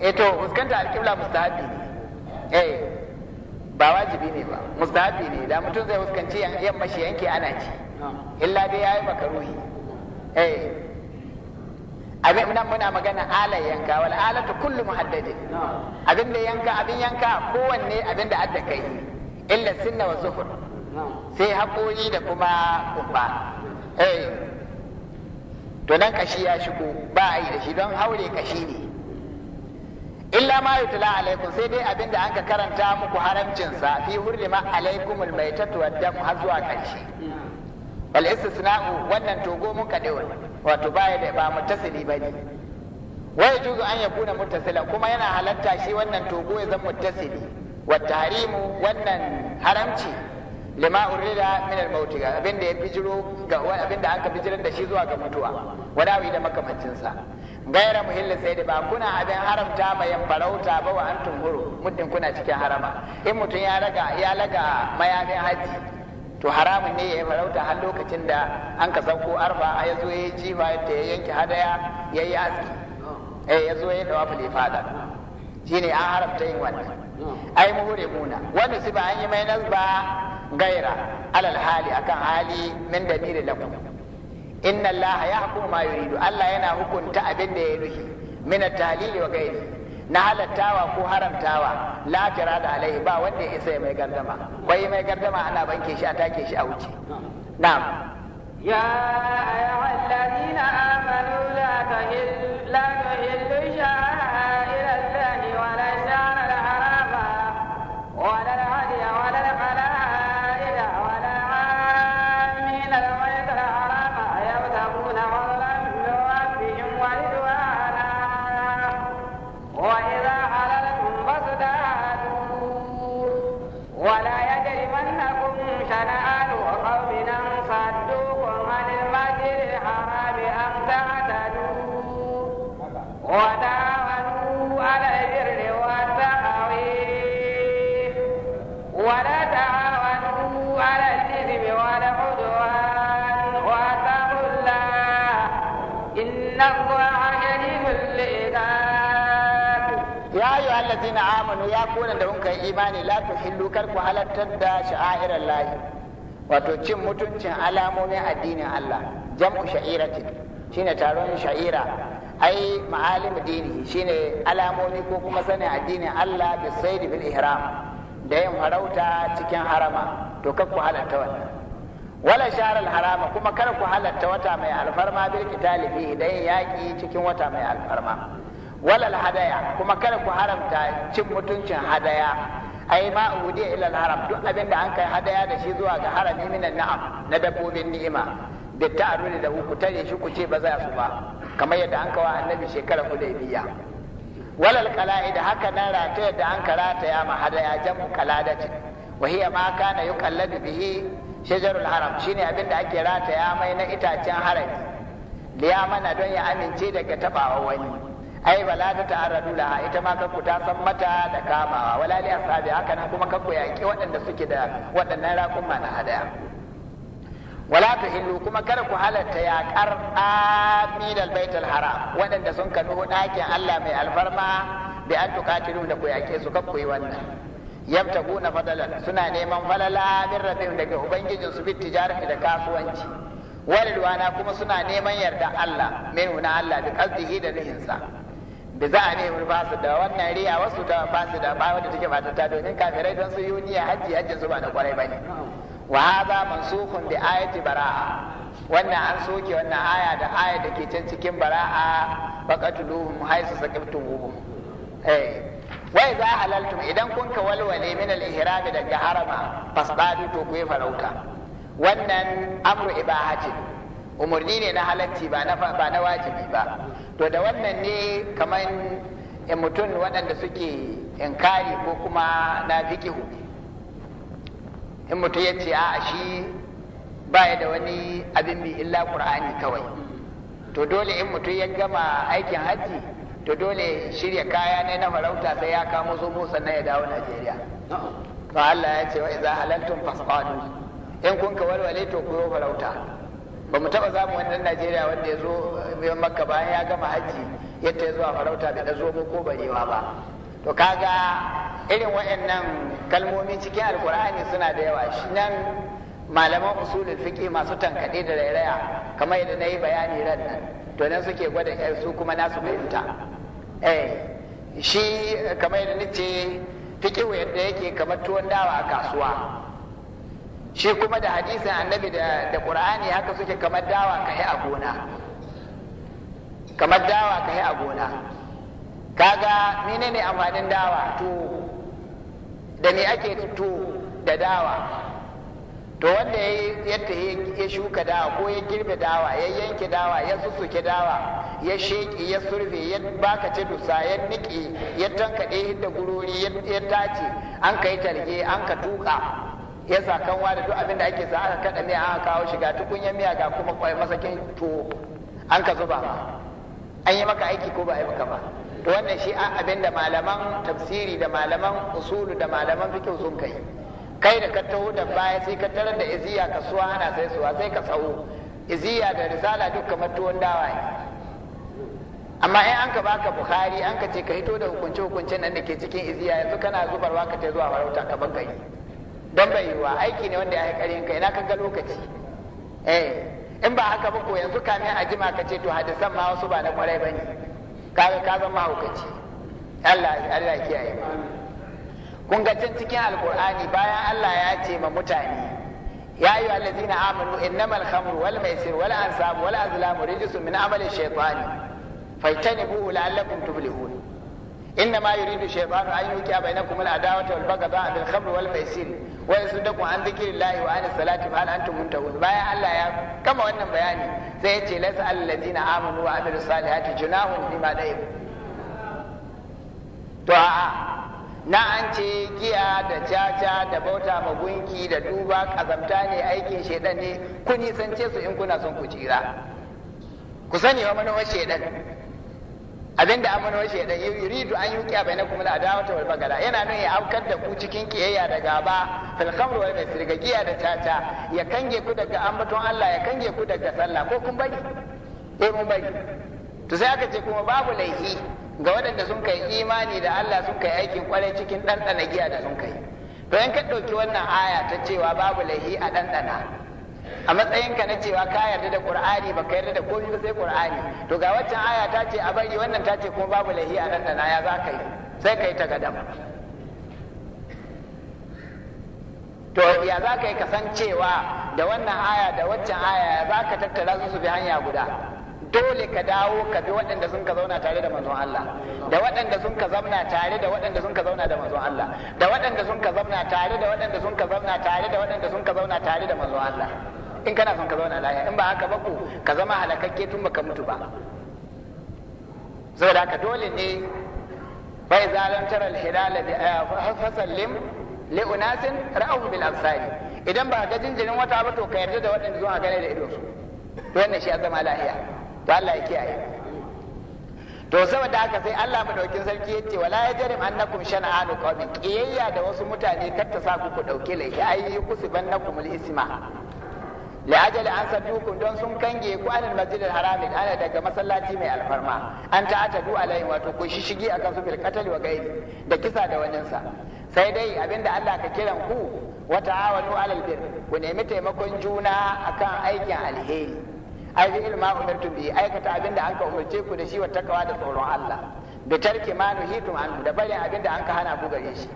eh to fuskanta alƙibla mustahabi ne eh ba wajibi ne ba mustahabi ne da mutum zai fuskanci yamma shi yanke ana ci illa dai yayi makaruhi eh abin nan muna magana ala yanka wal alatu kullu muhaddadin abin da yanka abin yanka kowanne abin da adda kai illa sunna wa zuhur sai haƙoƙi da kuma kuma eh to nan kashi ya shigo ba a yi da shi don haure kashi ne illa ma yutla alaikum sai dai abin da anka karanta muku haramcin fi hurrima alaikum almaitatu waddam har zuwa kashi wal istisna'u wannan togo mun kade wato baya da ba ba bane wai juzu an yakuna muttasila kuma yana halatta shi wannan togo ya zama muttasili wa tahrimu wannan haramci lima urida min al-maut abinda ya bijiro ga abinda aka bijirar da shi zuwa ga mutuwa wala wi da makamancin sa gaira muhilla sai da ba kuna abin haramta ba yan farauta ba wa antum huru muddin kuna cikin harama in mutum ya raga ya laga mayafin haji to haramun ne ya farauta har lokacin da an ka sauko arba ya zo ya jifa ta ya yanke hadaya ya yi aski eh ya zo ya dawa Shi shine an haramta yin wannan hmm. ai mu hure muna Wani su ba an yi mai nasba gaira alal hali akan hali min damiri lakum inna allaha yahkum ma yuridu allah yana hukunta abinda da ya nufi min talili wa gairi na halattawa ko haramtawa la da alaihi ba wanda ya isa mai gardama wai mai gardama ana banke shi a take shi a wuce na'am ya ayyuhallazina amanu إن الله كريم العباد يا أيها الذين آمنوا يا كون عندهم إيماني لا تحلوا كركو على تدى شعائر الله وتتم متنشن على مؤمن الدين الله جمع شعيرة shine taron sha'ira ai ma'alim dini shine alamomi ko kuma sanin addinin Allah da sayyid bil ihram da yin harauta cikin harama to wala sharar harama kuma kar ku halatta wata mai alfarma bil qitali fi idan yaki cikin wata mai alfarma walal hadaya kuma kar ku haramta cin mutuncin hadaya ai ma uhudiya ila haram duk abinda an kai hadaya da shi zuwa ga harami minan na'am na dabbobin ni'ima da ta'arudi da ku tare shi ku ce ba za su ba kamar yadda an kawo annabi shekara hudaybiya walal qala'id haka nan rataya da an karata ya ma hadaya jamu qaladatin wa hiya ma kana yuqalladu bihi shajarul haram shine abin da ake rataya mai na itacen harami liya mana don ya amince daga tabawa wani ai bala ta ta'arradu laha ita ma kanku ta san mata da kamawa wala li ashabi haka nan kuma kanku yaki waɗanda suke da waɗannan ma na hadaya wala ta hillu kuma kar ku halatta yaƙar aminal baitul haram waɗanda sun kanu ɗakin Allah mai alfarma bi an tukatilu da ku yake su kanku yi wannan yabtaguna fadalan suna neman falala min rabbihim daga ubangijin su bit tijarati da kasuwanci walilwana kuma suna neman yarda Allah min huna Allah da qasdihi da rihinsa da za a nemi basu da wannan riya wasu ta basu da bawa da take fata ta domin kafirai don su yuniya hajji hajji su ba da kwarai ba ne. wa hadha mansukhun bi ayati bara'a wannan an soke wannan aya da aya da ke can cikin bara'a faqatuluhum haythu saqaftumuhum eh wai za halaltum idan kun ka walwale min al-ihrami daga harama fasdadu to ku farauta wannan amru ibahatin umarni ne na halatti ba na ba na wajibi ba to da wannan ne kamar mutum waɗanda suke inkari ko kuma na fikihu in mutum ya ce a shi baya da wani abin bi illa qur'ani kawai to dole in mutum ya gama aikin hajji to dole shirya kaya ne na farauta sai ya kamo zomo sannan ya dawo Najeriya to Allah ya ce wa idza halaltum fasqadu in kun ka walwale to ku farauta ba mu taba zamu wannan Najeriya wanda ya zo Makka bayan ya gama haji ya zuwa farauta da zobo ko barewa ba to kaga irin waɗannan kalmomi cikin alkur'ani suna da yawa shi nan malaman usulul fiqi masu tankade da rairaya kamar yadda na yi bayani ran nan to nan suke gwada su kuma nasu fahimta eh shi kamar yadda nace fiqhu yadda yake kamar tuwon dawa a kasuwa shi kuma da hadisin annabi da ƙur'ani, qur'ani haka suke kamar dawa yi a gona kamar dawa yi a gona kaga menene amfanin dawa to da me ake to da dawa to wanda ya yadda ya shuka dawa ko ya girbe dawa ya yanke dawa ya sussuke dawa ya sheki ya surfe ya ce dusa ya niƙe ya tankaɗe hidda gurori ya tace an ka yi talge an ka tuka ya sa kanwa da duk abin da ake sa aka kaɗa aka kawo shiga ya miya ga kuma kwai masakin tuwo an ka zuba ba, an yi maka aiki ko ba a yi maka ba to wannan shi abin da malaman tafsiri da malaman usulu da malaman fikin sun kai kai da ka taho da baya sai ka tarar da iziya kasuwa ana sai suwa sai ka tsawo iziya da risala duk kamar tuwon dawa ne amma in an ka baka bukhari an ka ce ka hito da hukunce hukunce nan da ke cikin iziya yanzu kana zubarwa ka ta zuwa farauta ka ban gari dan bai yiwa aiki ne wanda ya yi karin ka ina ka lokaci eh in ba haka ba ko yanzu kamin a jima ka ce to hadisan ma wasu ba na kwarai bane kaga ka zama hukunci Allah Allah kiyaye mu kun ga can cikin alkur'ani bayan Allah ya ce ma mutane ya ayu allazina amanu innamal khamru wal maisir wal ansab wal azlamu rijsun min amali shaytani fajtanibuhu la'allakum tuflihun إنما يريد الشيطان أن يوقع بينكم العداوة والبغضاء في الخمر والميسر ويصدكم عن ذكر الله وعن الصلاة فهل أنتم منتهون بايع الله يا كما وانا بياني سيأتي ليس الذين آمنوا وعملوا الصالحات جناهم فيما لهم to a na an ce giya da caca da bauta ma gunki da duba kazamta ne aikin shaidan ne ku nisance su in kuna son ku jira. ku sani wa manowar shaidan abinda an manowar shaidan yi ridu an yi kya bainakum kuma adawata wal bagala yana nan ya aukar da ku cikin kiyayya da gaba fil khamr wal giya da caca ya kange ku daga ambaton Allah ya kange ku daga sallah ko kun bari eh mun bari to sai aka ce kuma babu laifi ga waɗanda sun kai imani da Allah sun kai aikin kwarai cikin ɗanɗana giya da sun kai to in ka ɗauki wannan aya ta cewa babu laihi a ɗanɗana a matsayinka na cewa ka yarda da qur'ani baka yarda da komai ba sai qur'ani to ga waccan aya ta ce a bari wannan ta ce kuma babu laihi a ɗanɗana ya za ka yi sai ka yi ta gadam to ya za ka yi kasancewa da wannan aya da waccan aya ya za ka tattara su su bi hanya guda dole ka dawo ka bi waɗanda sun ka zauna tare da manzon Allah da waɗanda sun ka zauna tare da waɗanda sun ka zauna da manzon Allah da waɗanda sun ka zauna tare da waɗanda sun ka zauna tare da waɗanda sun ka zauna tare da manzon Allah in kana son ka zauna lafiya in ba haka ba ku ka zama halakakke tun baka mutu ba saboda haka dole ne bai zalantar al-hilal bi eh, fasallim li unasin ra'ahu bil absari idan ba ga jinjirin wata ba to ka yarda da waɗanda zuwa gane da idonsu to wannan shi ya zama lafiya to Allah ya kiyaye to saboda haka sai Allah madaukin sarki yace wala ya jarim annakum shan'anu qawmin qiyayya da wasu mutane kar sa ku ku dauke laifi ai kusibannakum al-isma ku أن صدوكم دون harami كنجي daga masallaci mai alfarma an مسلاتي du alai wato ku عليهم وتكون ششجي أكن سبيل wa وغيره da kisa da waninsa sai dai abinda Allah ka kiran ku wata ta'awanu alal bir ku nemi taimakon juna akan aikin alheri ai bi ilma umirtum bi aikata abinda an ka umarce ku da shi wa takawa da tsoron Allah bi tarki ma nuhitum an da barin abinda an ka hana ku gare shi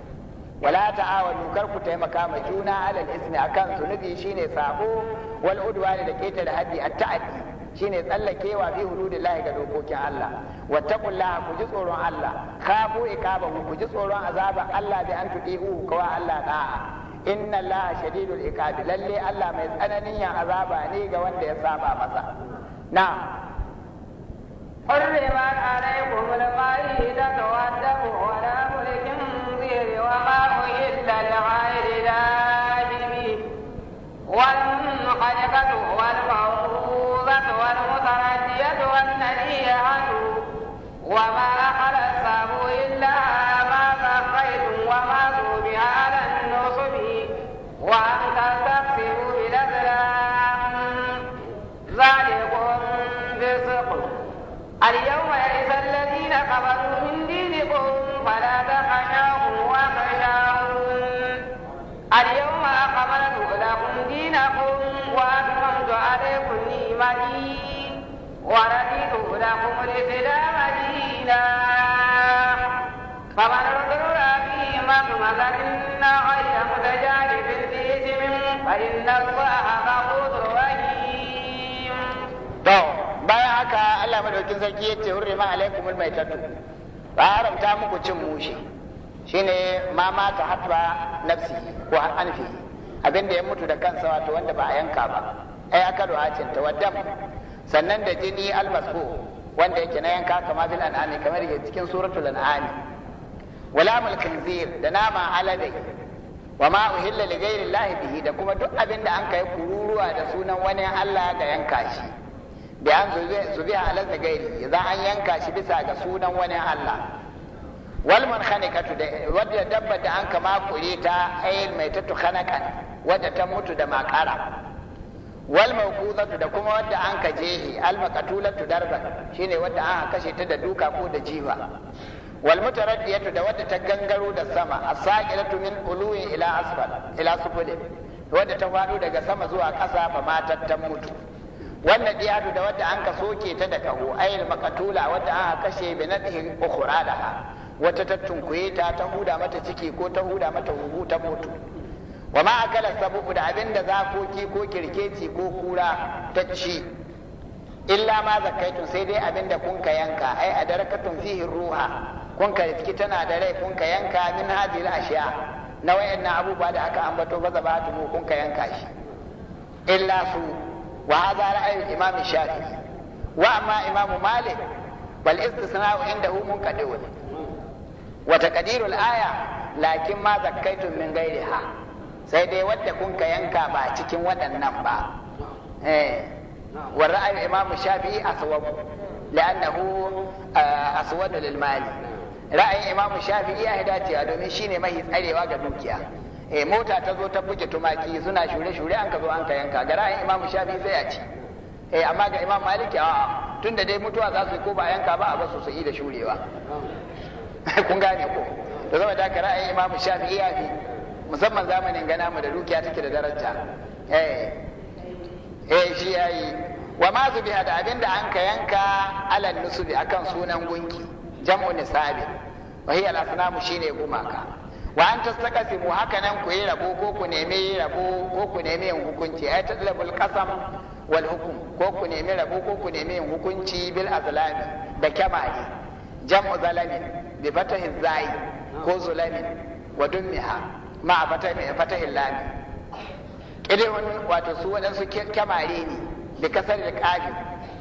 wala ta'awanu kar ku taimaka ma juna alal ismi akan zunubi shine sabo wal udwani da ketare haddi at ta'addi shine tsallakewa fi hududillahi ga dokokin Allah wattaqullaha ku ji tsoron Allah khafu iqabahu ku ji tsoron azaba Allah bi an tudihu kawa Allah da'a inna الله shadidul iqab lalle Allah mai tsananin ya azaba ne ga wanda ya saba masa na حرمت عليكم المائدة والدم ولحم الخنزير وما أهل لغير الله به والمنخنقة والموقوذة والمتردية وما أخل السبو إلا ما سقيتم وما ذوب على وأن تستقسموا بالأزلام ذلكم فسق اليوم يئس الذين كفروا من دينكم فلا تخشاهم وخشاهم اليوم أكملت لكم دينكم وأتممت عليكم نعمتي ورضيت لكم الإسلام دينا فمن bayan haka Allah madaukin sarki ya ce hurrima alaikumul maitatu ba haramta muku cin mushi shine ma mata hatwa nafsi ko har anfi abinda ya mutu da kansa wato wanda ba a yanka ba ai aka ruhacin ta wadam sannan da jini almasbu wanda yake na yanka kama bil anani kamar yake cikin suratul anani walamul khinzir da nama alade wa ma uhilla li ghairi da kuma duk abinda ankayi kururuwa da sunan wani Allah da yanka shi da an zubi ala da gairi an yanka shi bisa ga sunan wani Allah wal munkhaniqatu da wadda dabba da an kama kure ta ayil mai tatu khanakan wadda ta mutu da makara wal mawqudatu da kuma wadda an kaje al maqatulatu darban shine wadda an kashe ta da duka ko da jiwa wal da wadda ta gangaro da sama as-saqilatu min uluwin ila asfal ila wadda ta faɗo daga sama zuwa kasa ba matar ta mutu wannan diyatu da wadda an ka soke ta da kaho ayil makatula wadda an kashe bi nadhin ukhra laha wata tattunkuye ta ta huda mata ciki ko ta huda mata huhu ta mutu wa ma akala sabu da abinda zakoki ko kirkeci ko kura ta ci illa ma zakaitun sai dai abinda kun ka yanka ai adarkatun fihi ruha kun ka riski tana da rai kun ka yanka min hadil ashiya na wayannan abubuwa da aka ambato ba zaba mu kun ka yanka shi illa su wa hadha ra'ayu imam shafi'i wa amma imam malik bal istisna'u indahu munqadi'un wa taqdiru al-aya lakin ma zakkaitum min ghairiha sai dai wadda kun ka yanka ba cikin waɗannan ba eh wa ra'ayu imam shafi'i aswab لأنه أسود للمال ra'ayin imamu shafi'i ya dacewa domin shine mahi tsarewa ga dukiya e mota ta zo ta buge tumaki suna shure-shure an ka zo an ka yanka ga ra'ayin imamu shafi'i sai ya ci e amma ga imam maliki a'a tunda dai mutuwa za su yi ko ba yanka ba a ba su yi da shurewa (laughs) kun gane ko da zama da ra'ayin imamu shafi'i ya fi musamman zamanin gana mu da dukiya take da daraja eh eh shi yayi wa ma su biya da abinda an ka yanka alal nusubi akan sunan gunki jam'u nisabi wa hiya al-asnamu shine gumaka wa an tastaqsimu haka nan ku yi rabo ko ku nemi rabo ko ku nemi hukunci ay tadlabul qasam wal hukm ko ku nemi rabo ko ku nemi yin hukunci bil azlami da kyamari jam'u zalami bi fatahi zai ko zulami wa dummiha ma fatahi fatahi lam kidan wato su wadansu kyamari ne bi kasar da kafi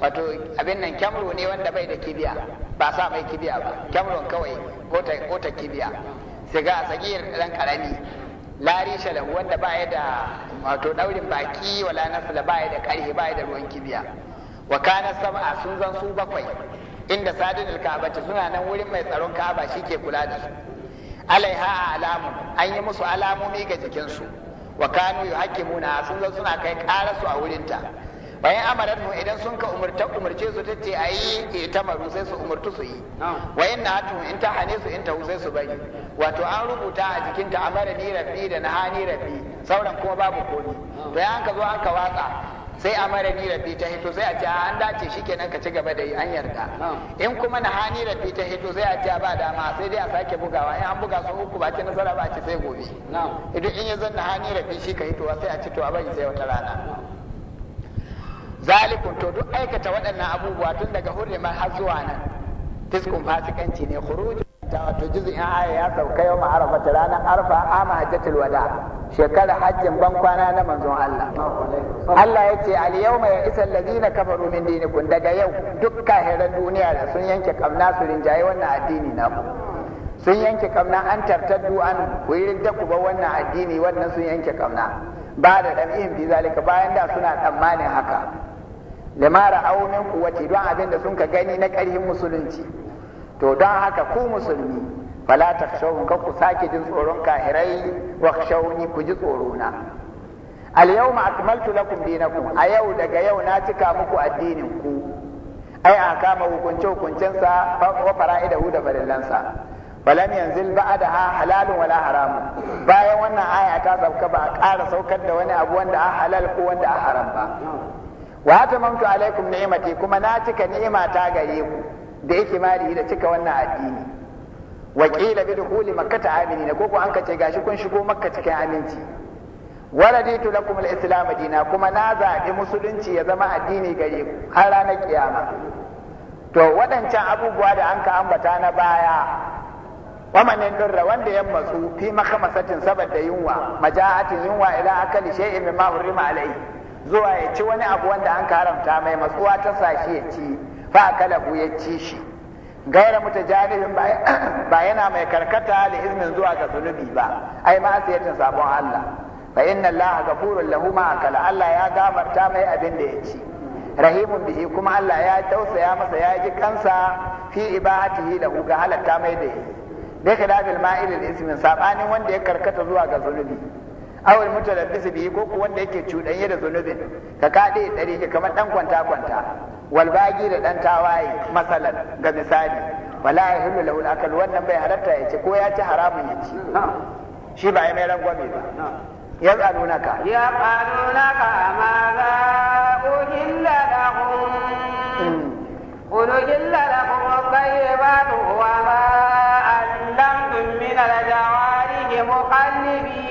wato abin nan kyamro ne wanda bai da kibiya ba sa mai kibiya ba kyamron kawai ko ta kibiya siga a tsakiyar ɗan ƙarami. lari shalam wanda ba ya da wato ɗaurin baki wala nasla ba ya da ƙarhe ba ya da ruwan kibiya wa kana a sun zan su bakwai inda sadidul ka'bati suna nan wurin mai tsaron kaba shi ke kula da su alaiha alamu an yi musu alamomi ga jikinsu wa kanu yuhakkimuna sun zan suna kai ƙararsu a wurinta bayan mu idan sun ka umurta umurce su tace ayi itamaru sai su umurtu su yi wayan na hatu in ta hane su in ta sai su bari wato an rubuta a jikin ta amara ni rabbi da na hani rabbi sauran kuma babu komi to ya an ka zo an ka watsa sai amara ni rabbi ta hito sai a ce an dace shikenan ka ci gaba da yi an yarda in kuma na hani rabbi ta hito sai a ce ba dama sai dai a sake bugawa in an buga su uku ba ci nasara ba ci sai gobe idan in ya zan hani rabbi shi ka hitowa sai a ci to a bari sai wata rana zalikun to duk aikata waɗannan abubuwa tun daga hurrimar har zuwa nan fiskun fasikanci ne khuruji ta wato juz'in aya ya sauka yau ma'arafa ta ranar arfa ama hajjatul wada shekarar hajjin ban kwana na manzon Allah Allah ya ce al yawma ya isa allazina kafaru min dinikum daga yau duk kahiran duniya da sun yanke kamna su rinjaye wannan addini na sun yanke kamna an tartaddu an ku da ridda wannan addini wannan sun yanke kamna ba da ɗan'in bi zalika bayan da suna tsammanin haka limara aunin wace don abin da sun ka gani na ƙarfin musulunci to don haka ku musulmi fala shawun ka ku sake jin tsoron kahirai wa shawuni ku ji tsoro al yau ma akmaltu lakum dinakum a yau daga yau na cika muku addinin ku ai a kama hukunce hukuncen sa wa hu da farillan sa balam yanzil ba'da halalun wala haramun bayan wannan aya ta sauka ba a ƙara saukar da wani abu wanda a halal ko wanda a haram ba wa Mamtu alaikum ni'mati kuma na cika ni'ima ta gare ku da yake mari da cika wannan addini wa qila bi dukhuli makkata aminina ko ko an kace gashi kun shigo makka cikin aminci wa raditu lakum al-islam dina kuma na zaɓi musulunci ya zama addini gare ku har ranar kiyama to waɗancan abubuwa da an ka ambata na baya wamanin durra wanda ya matsu fi makamasatin saboda yunwa maja'atin yunwa ila akali shay'in mimma hurrima alayhi zuwa ya ci wani abu wanda an haramta mai matsuwa ta sashi ya ci fa kalahu ya ci shi gaira mutajanibin ba yana mai karkata da izinin zuwa ga zunubi ba ai ma sai yatin sabon Allah fa inna Allah ghafurun lahu ma akala Allah ya gafarta mai abin da ya ci rahimun bihi kuma Allah ya tausaya masa ya ji kansa fi ibadatihi lahu ga halatta mai da yi bai kadafil ma'ilil ismin sabanin wanda ya karkata zuwa ga zunubi awal mutalabbis bihi ko ko wanda yake cuɗanye da zunubin ka kaɗe ɗari ke kamar ɗan kwanta kwanta walbagi da ɗan tawaye masalan ga misali wala ya hillu lahul akal wannan bai halatta ya ce ko ya ci haramun ya ci shi ba ya mai rangwame ba يسألونك يسألونك ماذا أهل لهم قل أهل لهم الطيبات وما min al الجوارح مقلبين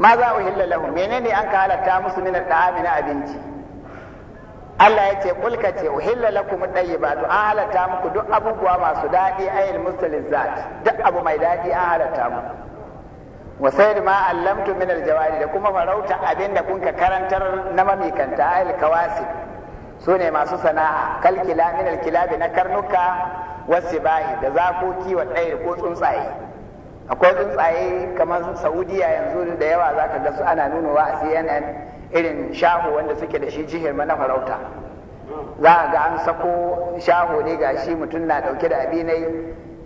ma za uhilla lahum menene an ka halatta musu min da'ami na abinci Allah ya ce kulka ce uhilla lakum at-tayyibatu an halatta muku duk abubuwa masu daɗi ayil duk abu mai daɗi an halatta muku wa sayd ma allamtu min al-jawari da kuma farauta abin da kunka karantar na mamikanta ayil kawasi su ne masu sana'a kalkila min al-kilabi na karnuka wasu bahi da zakoki wa ɗaya ko tsuntsaye akwai tsuntsaye kamar saudiya yanzu da yawa za ka ga su ana nunawa a cnn irin shaho wanda suke da shi jihar na farauta za a ga an sako shaho ne ga shi mutum na ɗauke da abinai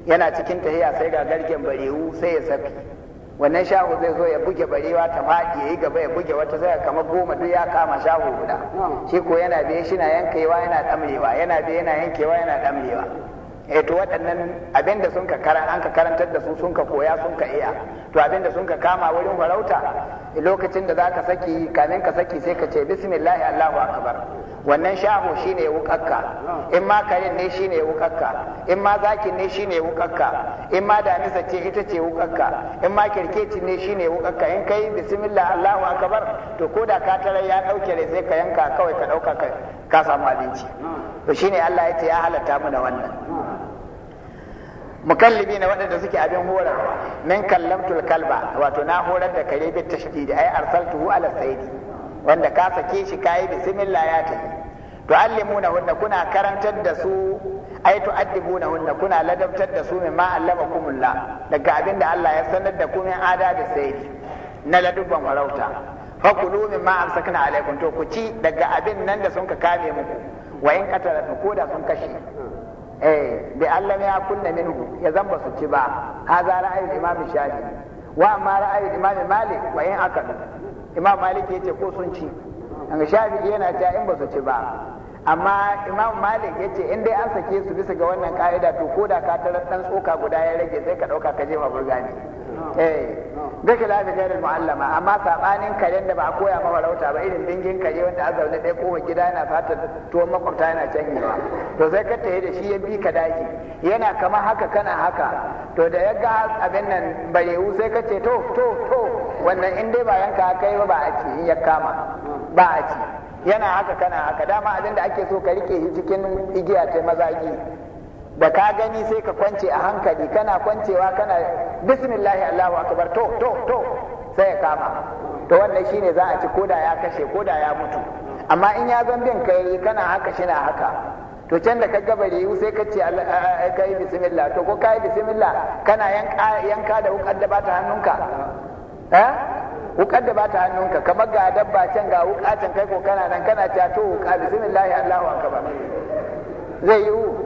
yana cikin tahiya sai ga garken barewu sai ya safi wannan shaho zai zo ya buge barewa ta faɗi ya yi gaba ya buge wata sai kamar goma duk ya kama shaho guda shi ko yana biye shi na yankewa yana ɗamlewa yana biye yana yankewa yana ɗamrewa eh to waɗannan abinda sun ka karan an ka karantar da su sun ka koya sun ka iya to abinda sun ka kama wurin farauta lokacin da zaka saki kamin ka saki sai ka ce bismillah Allahu akbar wannan shahu shine wukakka in ma karin ne shine wukakka in ma zakin ne shine wukakka in ma damisa ce ita ce wukakka in ma kirkeci ne shine wukakka in kai bismillah Allahu akbar to koda ka tarar ya dauke ne sai ka yanka kawai ka dauka ka samu abinci to shine Allah ya ce ya halatta mana wannan mukallibi na waɗanda suke abin horar, min kallamtul kalba wato na horar da kare bi tashdidi ai arsaltuhu ala saidi, wanda ka sake shi kayi bismillah ya tafi tu'allimuna hunna kuna karantar da su ai tu'addibuna hunna kuna ladabtar da su mimma allamakumullah daga abin da Allah ya sanar da ku min ada da na ladubban farauta fakulu mimma amsakna alaikum to ku ci daga abin nan da sun ka kame muku wa in qatala ko da sun kashe eh bi Allah ya kunna minhu ya zan ba su ci ba haza ra'ayin imam shafi wa amma ra'ayin imam malik wa in aka imam malik yace ko sun ci an shafi yana ta in ba su ci ba amma imam malik ya ce in dai an sake su bisa ga wannan ka'ida to ko da ka tarar dan tsoka guda ya rage sai ka ɗauka ka je ma burgani eh da da gairin mu'allama amma sabanin karen da ba a koya ma farauta ba irin dingin kare wanda an zaune ɗaya ko gida yana fata tuwon makwabta yana can ba to sai ka tafi da shi ya bi ka daji yana kamar haka kana haka to da ya ga abin nan barewu sai ka ce to to to wannan in dai ba yanka kai ba ba a ci in ya kama ba a ci yana haka kana haka dama abin da ake so ka rike shi cikin igiya ta mazagi da ka gani sai ka kwance a hankali kana kwancewa kana bismillah Allahu akbar to to to sai ya kama to wannan shine za a ci koda ya kashe koda ya mutu amma in ya zan bin kai kana haka shina haka to can da ka gaba yi sai ka ce eh, eh, eh, kai bismillah to ko ka yi bismillah kana yanka da wukar da bata hannunka eh wukar da ba ta hannunka kamar ga dabba can ga wuka can kai ko kana nan kana to wuka bismillahi allahu akbar zai yiwu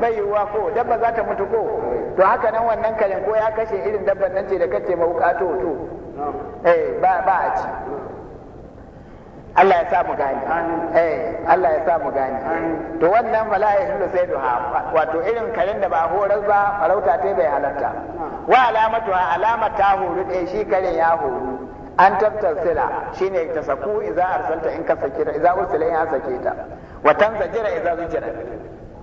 bai yi ko dabba za ta mutu ko to haka nan wannan kalin ko ya kashe irin dabban nan ce da kace ma wuka to to eh ba ba a ci Allah ya sa mu gane eh Allah ya sa mu to wannan wala ya sai duha wato irin karin da ba horar ba farauta ta bai halatta wa alamatu alama ta horu ɗaya eh, shi karin ya horu an shi shine ta saku idza arsalta in ka sake ta idza ursila in sake ta wa tanzajira idza zujira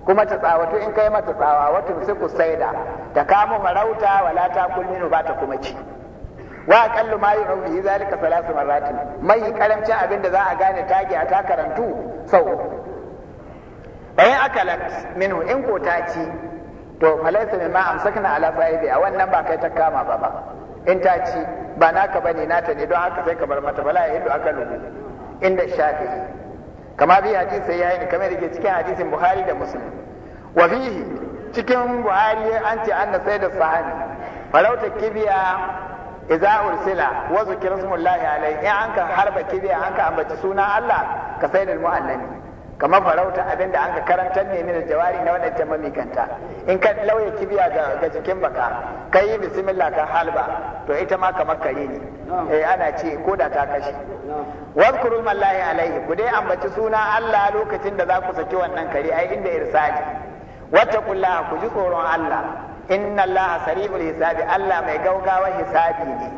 kuma ta tsawatu in kai mata tsawa wato sai ku saida ta kamo farauta wala ta kullinu ba ta kuma ci wa aqallu ma yu'awdihi zalika salasu marratin mai karamcin abin da za a gane tage a ta karantu sau bayan akalat minhu in ko ta ci to falaisa min ma amsakna ala sahibi a wannan ba kai ta kama ba ba in ta ci ba naka bane nata ne don haka sai ka bar mata bala ya hindu aka lugu inda shafi. kama bi hadisi ya yi kamar rike cikin hadisin buhari da muslim wa fihi cikin buhari an ce anna sai da sahani farauta kibiya iza ursila wa zikra ismullahi alai in an ka harba kibiya an ka ambaci suna Allah ka sai da mu'allami kamar farauta abinda an ka karantar ne min jawari na wadancan mamikanta in ka lauye kibiya ga jikin baka kai yi bismillah ka halba to ita ma kamar kare ne eh ana ce ko da ta kashe wazkuru ismullahi alaihi ku dai ambaci suna Allah lokacin da za ku saki wannan kare ai inda irsali wata kullaha ku ji tsoron Allah inna allaha sari'ul hisabi allah mai gaugawa hisabi ne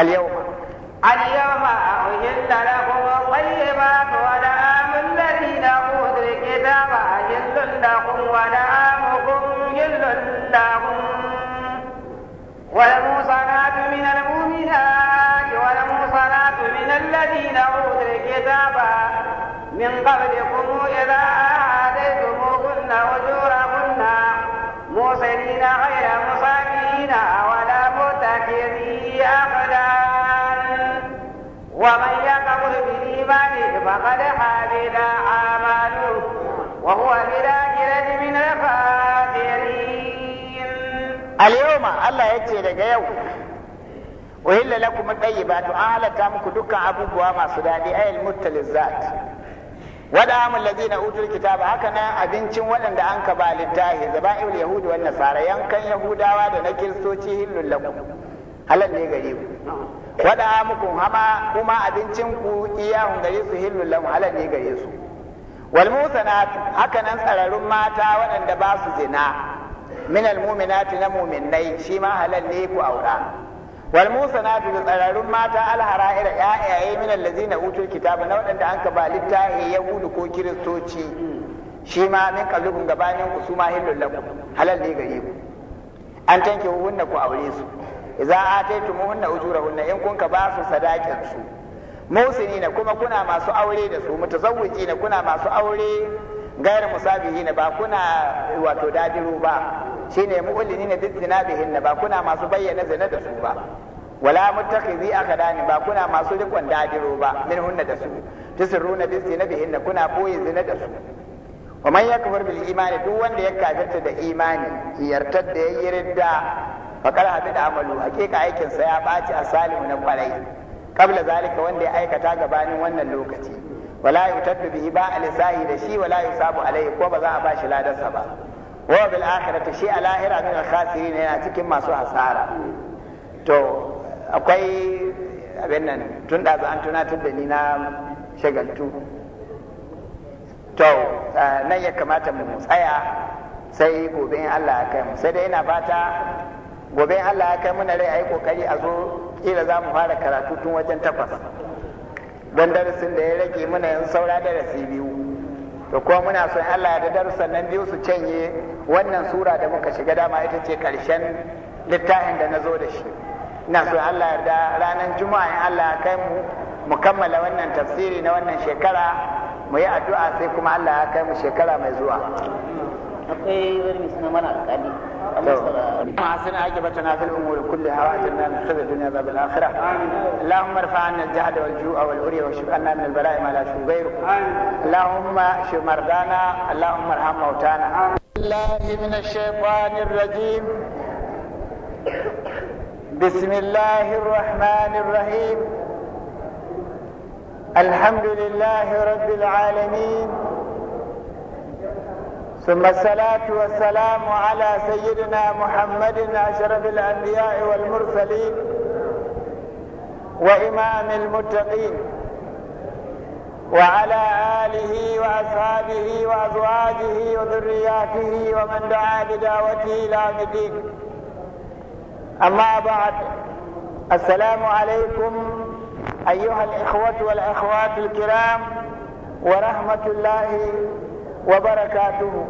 al yawma al yawma uhilla lakum tayyibatu wa da'amul ladina utul kitaba hillun lakum wa da'amukum من المؤمنات والمحصنات من الذين أوتوا الكتاب من قبلكم إذا آتيتموهن أجورهن الذين غير مصابين ولا متخذي أخدان ومن يكفر بالإيمان فقد حبط عمله وهو في الآخرة من الخاسرين اليوم الله يجزي لك يوم uhilla lakum at-tayyibatu an halatta muku dukkan abubuwa masu daɗi ayil wada'amul ladzina utul kitaba haka na abincin waɗanda an ka ba littahi zaba'il yahudi wan nasara yankan yahudawa da na kiristoci hillul lakum halal ne gare ku wada'amukum hama kuma abincin ku iyahun gare su hillul lakum halal ne gare su wal musanat haka nan tsararrun mata waɗanda ba su zina minal mu'minati na mu'minnai shi ma halal ne ku aura wal musanatu da tsararrun mata alhara ira ƴaƴaye min allazina utul kitaba na waɗanda anka ba littahi yahudu ko kiristoci shi ma min qablikum gabanin ku su ma hillul lakum halal ne gare ku an tanke hunna ku aure su idza ataytumuhunna ujurahunna in kun ka ba su sadakin su musinina kuma kuna masu aure da su mutazawwijina kuna masu aure gairu musabihi ba kuna wato dadiru ba shine mu'ulini ne duk bihin ba kuna masu bayyana zina da su ba wala muttakhidhi akadani ba kuna masu rikon dadiro ba min hunna da su tusirruna bi bihin kuna boye zina da su wa man yakfur bil imani duk wanda ya kafirta da imani yartar da yayi ridda faqad habida amalu hakika aikin sa ya baci asalimu na kwarai kabla zalika wanda ya aikata gabanin wannan lokaci wala yutaddu bihi ba alisahi da shi wala yusabu alai ko ba za a bashi ladarsa ba wa bil akhirati shi alahira min al khasirin yana cikin masu asara to akwai abin nan tun da an tunatar da ni na shagaltu to nan ya kamata mu tsaya sai gobe in Allah ya kai mu sai dai ina fata gobe in Allah ya kai mu na rai ayi kokari a zo kila za mu fara karatu tun wajen takwas don darasin da ya rage mana yan saura darasi biyu to ko muna son Allah da darussan nan biyu su canye wannan sura da muka shiga dama ita ce karshen littafin da na zo da shi ina son Allah ya da ranar juma'a in Allah ya kai mu mu kammala wannan tafsiri na wannan shekara mu yi addu'a sai kuma Allah ya kai mu shekara mai zuwa akwai wani mai suna mana alƙali حسن أجبتنا في الأمور كلها وأجلنا من خذ الدنيا باب الآخرة اللهم ارفع عنا الجهد والجوع والعري واشف عنا من البلاء ما لا شفاء غيره اللهم اشف مرضانا اللهم ارحم موتانا الله من الشيطان الرجيم بسم الله الرحمن الرحيم الحمد لله رب العالمين ثم الصلاة والسلام على سيدنا محمد أشرف الأنبياء والمرسلين وإمام المتقين وعلى آله وأصحابه وأزواجه وذرياته ومن دعا بدعوته إلى الدين أما بعد السلام عليكم أيها الإخوة والأخوات الكرام ورحمة الله وبركاته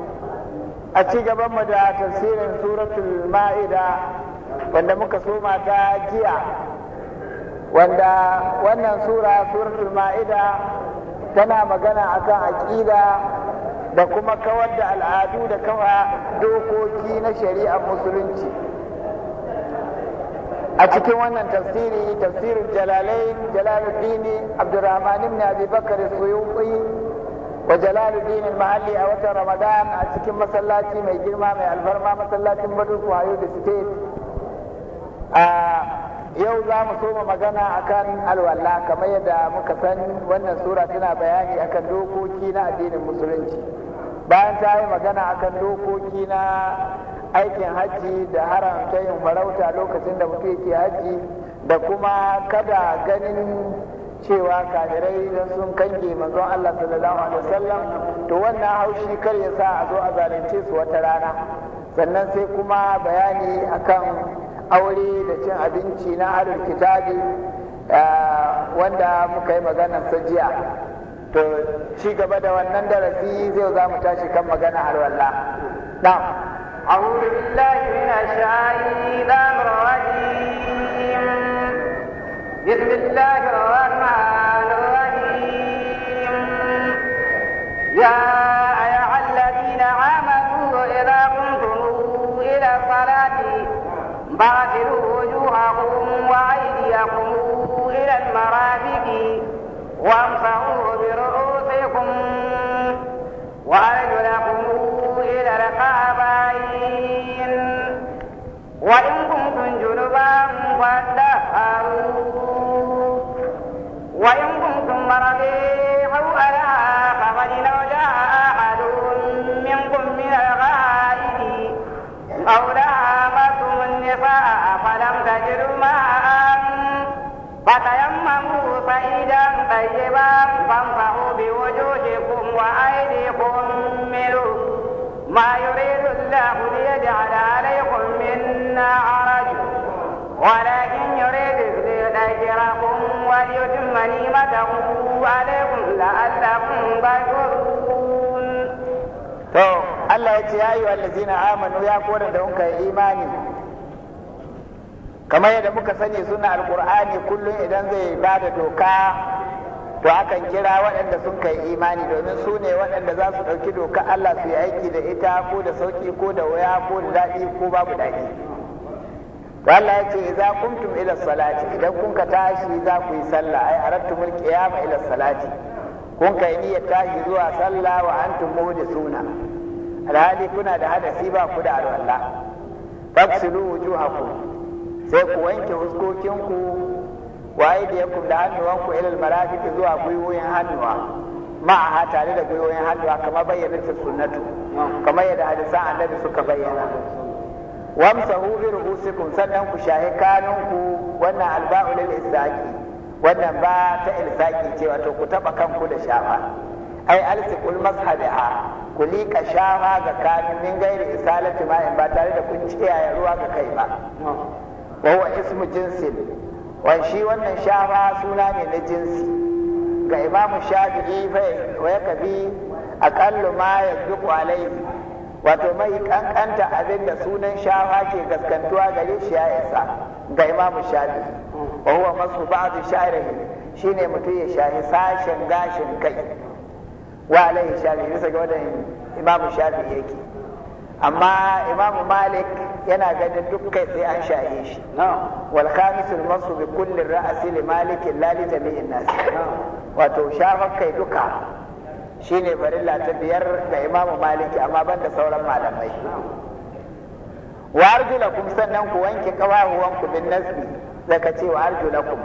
a ci gaban mu da tafsirin suratul ma'ida wanda muka soma ta jiya wanda wannan sura suratul ma'ida tana magana akan aƙida da kuma kawar da al'adu da kawa dokoki na shari'ar musulunci a cikin wannan tafsiri tafsirin jalalai jalaluddini abdurrahman ibn abi bakar suyuqi wa jalaluddin al-mahalli a watan ramadan a cikin masallaci mai girma mai alfarma masallacin badr kwayo state a yau za mu soma magana akan alwala kamar yadda muka san wannan sura tana bayani akan dokoki na addinin musulunci bayan ta yi magana akan dokoki na aikin hajji da haramta yin farauta lokacin da muke yake hajji da kuma kada ganin cewa kadirai idan sun kange manzon Allah sallallahu alaihi wasallam to wannan haushi kar ya sa a zo a zalunce su wata rana sannan sai kuma bayani akan aure da cin abinci na alul kitabi ah, wanda muka yi maganar sajiya to ci gaba da wannan darasi zai za mu tashi kan magana walla na'am أعوذ بالله من الشيطان rajim بسم الله الرحمن الرحيم يا أيها الذين آمنوا إذا قمتم إلى الصلاة فاغسلوا وجوهكم وأيديكم إلى المرافق وامسحوا برؤوسكم وأرجلكم إلى الكعبين وإن كنتم جنبا فاتهروا وإن كنتم مرضي أو على سفر لو جاء أحد منكم من الغائب أو لامستم النساء فلم تجدوا ماء فتيمموا صعيدا طيبا فامسحوا بوجوهكم وأيديكم منه ما يريد الله ليجعل عليكم منا عرج ولكن يريد ليطهركم وليتم نعمته عليكم لعلكم تشكرون Allah ya ce ya yi na amanu ya koda da kuka yi imani kamar yadda muka sani suna alkur'ani kullum idan zai ba da doka to akan kira waɗanda sun kai imani domin su ne waɗanda za su ɗauki doka Allah su yi aiki da ita ko da sauƙi ko da waya ko da daɗi ko babu daɗi Allah ya ce idza kuntum ila salati idan kun ka tashi za ku yi sallah ai arattumul qiyama ila salati kun kai niyyar tashi zuwa sallah wa antum suna. alhali kuna da hadasi ba ku da alwala fafsilu wujuhakum sai ku wanke huskokinku wa aydiyakum da ku ila almarafiq zuwa gwiwoyin hannuwa ma'a tare da gwiwoyin hannuwa kamar bayyana sunnatu kamar yadda hadisan annabi suka bayyana wamsahu bi ru'usikum sannan ku shahi kanunku wannan alba'u lil isaki wannan ba ta ilsaqi ce wato ku taba kanku da shafa ai alsiqul mashabiha ku liƙa shafa ga kanun min gairi isalati in ba tare da kun ciyaya ruwa ga kai ba wa huwa ismu jinsin wa shi wannan shafa suna ne na jinsi ga imamu shafi'i fa wa yakabi aqallu ma yadduqu alayhi wato mai kankanta abin da sunan shafa ke gaskantuwa gare shi ya isa ga imamu shafi wa huwa masu ba'adu sha'rihi shine mutum ya shahi sashen gashin kai wa alaihi shafi bisa ga wadan imamu shafi yake amma imamu malik yana ganin duk kai sai an shaye shi wal khamisul masu bi kulli ra'si li malikin la li jami'in nas wato shafa kai duka Shi ne farilla ta biyar da imamu maliki amma ban da sauran malamai wa kum sannan ku wanke wanku bin nasbi daga ce wa kum.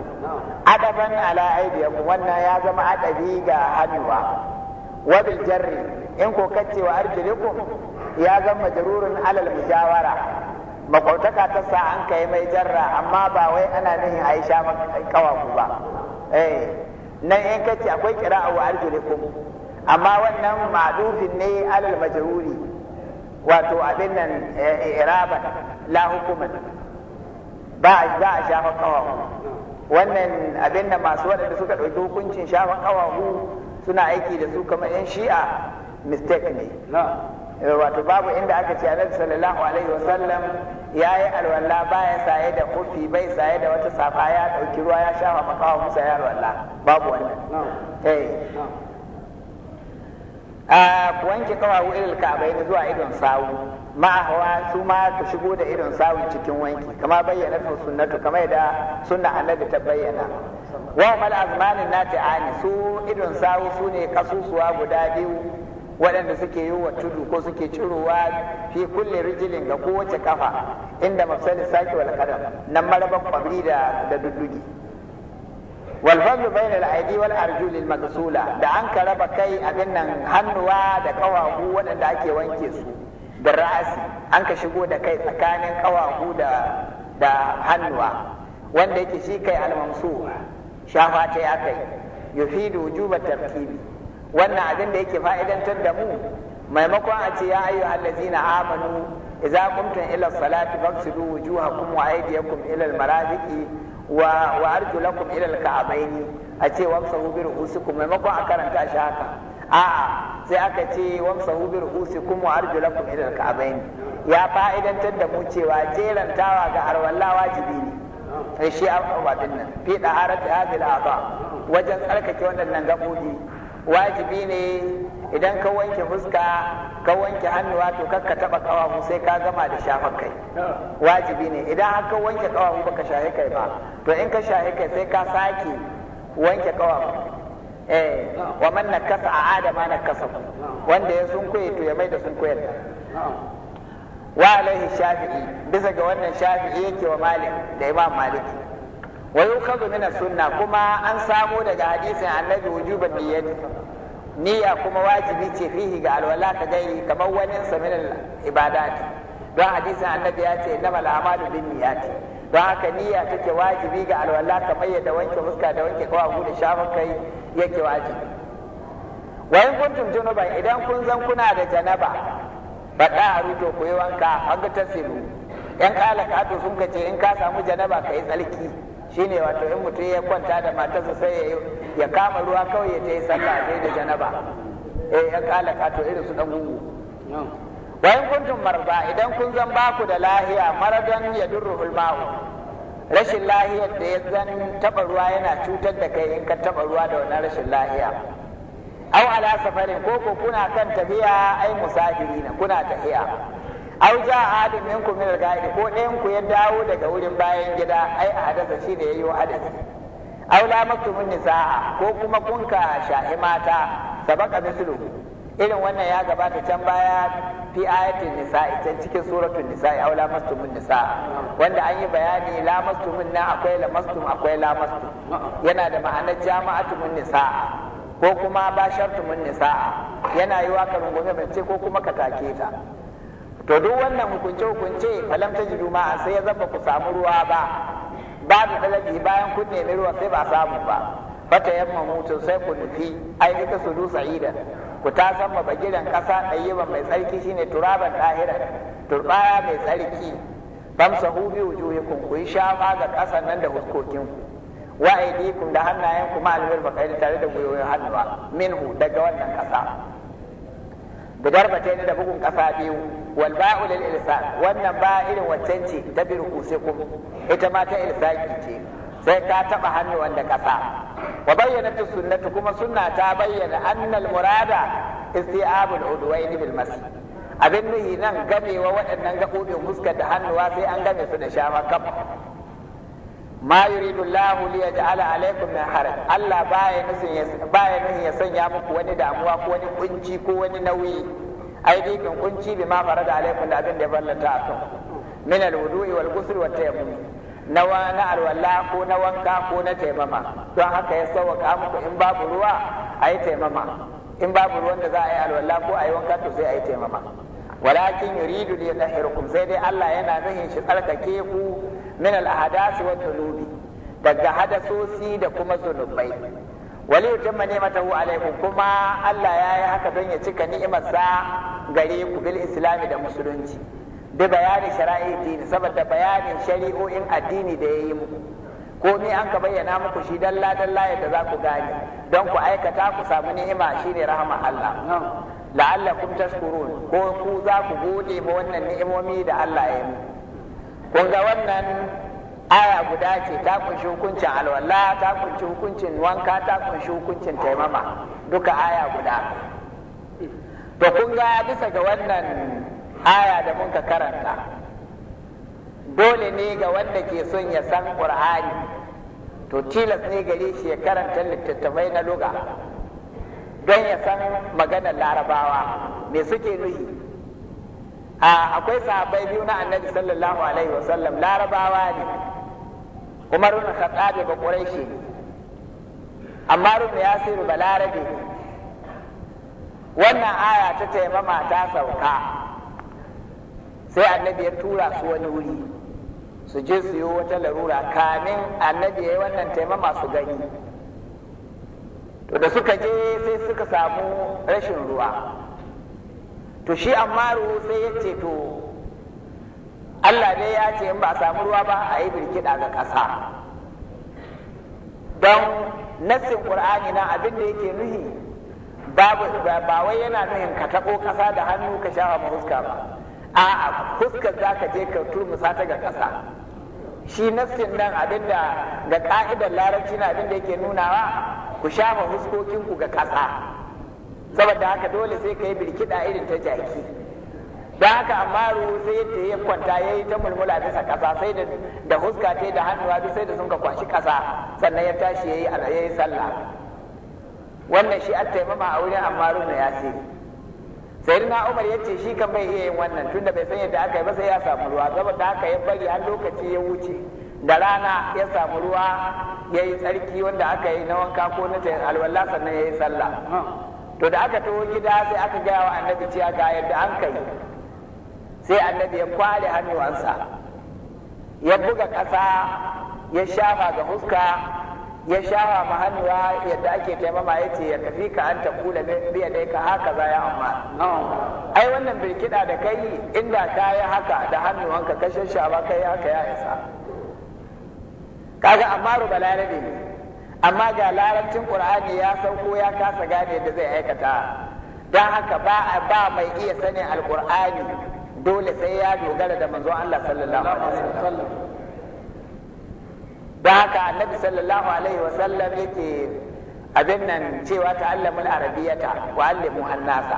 adaban ala aidiyakum wannan ya zama adabi ga hannuwa wa bil jarri in ko kace wa arjulakum ya zama majrurun alal mujawara makautaka ta sa an kai mai jarra amma ba wai ana nihin aisha maka kawaku ba eh nan in kace akwai qira'a wa arjulakum amma wannan ma'dufin ne alal majruri wato abin nan eh, eh, iraban la hukuman ba za a shafa kawahu wannan abin da masu waɗanda suka ɗauki hukuncin shafa kawahu suna aiki da su kamar yan shi'a mistake ne eh, wato babu inda aka ce annabi sallallahu alaihi wasallam ya yi alwala baya saye da kofi bai saye da wata safa ya ɗauki ruwa ya shafa makawa musa ya alwala babu wannan a wanke kawawu ilal ka'abai zuwa idon sawu hawa su ma ku shigo da idon sawu cikin wanki kama bayyana ta sunnatu kama yadda sunna annabi ta bayyana wa mal azmanin nati ani su idon sawu su ne kasusuwa guda biyu waɗanda suke yi wa tudu ko suke cirowa fi kulle rijilin ga kowace kafa inda mafsali saki wal qadam nan marabar kwabri da da والفضل بين الأيدي Arjuli المغسولة da an ka raba kai abin nan hannuwa da ƙawahu waɗanda ake wanke su da ra'asi an ka shigo da kai tsakanin ƙawahu da da hannuwa wanda yake shi kai almamsu shafa ta ya kai yufidu wujuba tartibi wannan abin da yake fa'idantar da mu maimakon a ce ya ayyuhal ladzina amanu idza qumtum ila salati fagsilu wujuhakum wa aydiyakum ila al wa wa lakum ila al-ka'bayn a ce wamsahu bi ru'usikum maimakon a karanta shi haka a'a sai aka ce wamsahu bi ru'usikum wa lakum ila al-ka'bayn ya fa'idantar da mu cewa jerantawa ga arwalla wajibi ne sai shi abadin nan fi daharat hadhihi al'ada wajen tsarkake wannan gabobi wajibi ne idan ka wanke fuska ka wanke hannuwa to kakka taba kawahu sai ka gama da shafar kai wajibi ne idan har ka wanke ba baka shahe kai ba to in ka shahe kai sai ka sake wanke kawahu eh wa man nakasa a adama nakasa wanda ya sunkuye to ya mai da sunkuyar wa alaihi shafi'i bisa ga wannan shafi'i yake wa malik da imam malik wa yukhadhu min sunna kuma an samo daga hadisin annabi wujuban niyyati niyya kuma wajibi ce fihi ga alwala ka dai kamar wani samin ibadati don hadisin annabi ya ce na mal'amalu bin ce. don haka niyya take wajibi ga alwala kamar yadda wanke fuska da wanke kawagu da shafin kai yake wajibi wa kuntum junuban idan kun zan kuna da janaba ba a rujo ku yi wanka an ga tasiru yan ƙala kato sun ka ce in ka samu janaba ka yi tsarki shine wato in mutum ya kwanta da matarsa sai ya yi ya kama ruwa kawai ya tai sallah sai da janaba eh ya ka to irin su dan gungu kun kuntum marba idan kun zan ba ku da lahiya maradan ya durruhul ma'u rashin lahiyar da ya zan taba ruwa yana cutar da kai in ka taba ruwa da wannan rashin lahiya au ala safarin ko ko kuna kan tafiya ai musafiri na kuna tafiya au ja hadin minkum min al ko ɗayan ku ya dawo daga wurin bayan gida ai a hadasa shi da yayi hadasi aula maktumun nisa'a ko kuma kun ka shahi mata sabaka mislu irin wannan ya gabata can baya fi ayatin nisa'i can cikin suratul nisa'i aula mastumun nisa'a wanda an yi bayani la na akwai la akwai la yana da ma'anar jama'atumun nisa'a ko kuma bashartumun nisa'a yana yi wa rungume mace ko kuma ka take ta to duk wannan hukunce hukunce falam tajidu sai ya zaba ku samu ruwa ba babu talabi bayan kun nemi ruwa sai ba samu ba fata yamma mutun sai ku nufi Ai ita su dusa ida ku ta sama bagiran kasa ɗayyiba mai tsarki shine turaban ɗahira turbaya mai tsarki Bamsa hu bi wujuhikum ku yi shafa ga ƙasan nan da ku. ku kun da ku ma alwil bakari tare da gwiwoyin hannuwa minhu daga wannan ƙasa ni da bugun kafa biyu wal ba'u lil ilsaq wannan ba irin waccan ce ta kuma ita ma ta ilsaqi ce sai ka taba hannu wanda kasa wa bayyanat sunnatu kuma sunna ta bayyana annal murada isti'abul udwayn bil masjid abin nuhi nan gamewa waɗannan gaɓoɓin fuskar da hannuwa sai an game su da shama kaf ma yuridu Allah li yaj'ala alaykum min haraj Allah baya nufin baya nufin ya sanya muku wani damuwa ko wani kunci ko wani nauyi ai dai kan kunci bi ma farada alaykum da abin da ya ballanta kan min alwudu'i wal ghusl wat tayammum na na alwala ko na wanka ko na taimama don haka ya sauwaka muku in babu ruwa ayi taimama in babu ruwan da za a yi alwala ko yi wanka to sai ayi taimama walakin yuridu li yudahhirukum sai dai Allah yana nufin shi tsarkake ku min al-ahdath wa dhunubi daga hadasosi da kuma zunubai wali ne ni'matahu alaikum kuma Allah ya yi haka don ya cika ni'imarsa gare ku bil islami da musulunci da bayanin shara'i dini saboda bayanin shari'o'in addini da yayi muku ko me an ka bayyana muku shi dalla dalla yadda za ku gane don ku aikata ku samu ni'ima shine rahama Allah la'allakum tashkurun ko ku za ku gode ma wannan ni'imomi da Allah ya yi mu? kun ga wannan aya guda ce ta kunshi hukuncin alwala ta kunshi hukuncin wanka ta kunshi hukuncin taimama duka aya guda to kun ga bisa ga wannan aya da mun ka karanta dole ne ga wanda ke son ya san qur'ani to tilas ne gare shi ya karanta littattafai na luga don ya san maganar larabawa me suke nuhi akwai sahabbai biyu na annabi sallallahu alaihi wa sallam. larabawa ne umar ibn khattab ba quraishi ne Amma ibn yasir ba larabe ne wannan aya ta taimama ta sauka sai annabi ya tura su wani wuri su je su yi wata larura kamin annabi ya yi wannan taimama su gani to da suka je sai suka samu rashin ruwa to shi ammaru sai ya ce to Allah dai ya ce in ba a samu ruwa ba a yi birkiɗa ga ƙasa don nassin ƙur'ani na abin da yake nuhi ba wai yana nuhin ka taɓo ƙasa da hannu ka shafa fuska. ba a'a fuska za ka je ka turmusa ta ga ƙasa shi nassin nan abin da ga ƙa'idar larabci na abin da yake nunawa ku sha shafa fuskokinku ga ƙasa saboda haka dole sai ka yi birkiɗa irin ta jaki da haka amma sai ta ya kwanta ya yi ta mulmula bisa ƙasa sai da da huska ta da hannuwa bisa da sun ka kwashi kasa sannan ya tashi ya yi sallah wannan shi an taimama a wurin amaru na sai sayyidina umar ya ce shi kan bai iya yin wannan tunda bai san yadda aka yi ba sai ya samu ruwa saboda haka ya bari har lokaci ya wuce da rana ya samu ruwa ya yi tsarki wanda aka yi na wanka ko na alwala sannan ya yi sallah to da aka taho gida sai aka gaya wa annabi cewa ga yadda an kai sai annabi ya kwale hannuwansa ya buga ƙasa ya shafa ga huska ya shafa ma hannuwa yadda ake taimama ya ce ya tafi ka an takula biya dai ka haka za ya amma ai wannan birkiɗa da kai inda ka yi haka da hannuwanka ka shashafa kai haka ya isa kaga amma rubala ne amma ga larabcin qur'ani ya sauko ya kasa gane da zai aikata don haka ba ba mai iya sanin alqur'ani dole sai ya dogara da manzon Allah sallallahu alaihi wasallam don haka annabi sallallahu alaihi wasallam yake abin nan cewa ta'allamul arabiyata wa allimu hannasa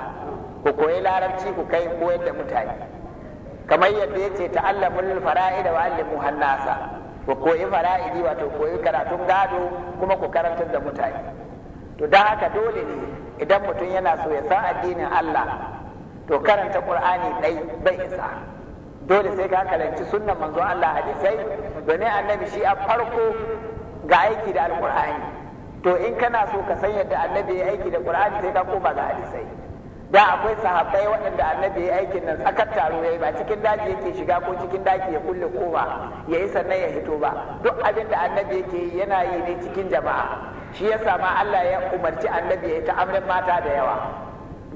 ku koyi larabci ku kai koyar da mutane kamar yadda yace ta'allamul fara'ida wa allimu hannasa ku koyi fara'idi wato koyi karatun gado kuma ku karantar da mutane to don haka dole ne idan mutum yana so ya san addinin Allah to karanta Qur'ani ɗai bai isa dole sai ka karanci sunnan manzo Allah hadisai domin annabi shi a farko ga aiki da alƙur'ani to in kana so ka san yadda annabi ya aiki da Qur'ani sai ka koma ga hadisai da akwai sahabbai waɗanda annabi ya aikin nan tsakar taro ya yi ba cikin daji yake shiga ko cikin daji ya kulle kowa, ya yi sannan ya hito ba duk abin da annabi yake yi yana yi ne cikin jama'a shi ya sama Allah ya umarci annabi ya ta ta'amarin mata da yawa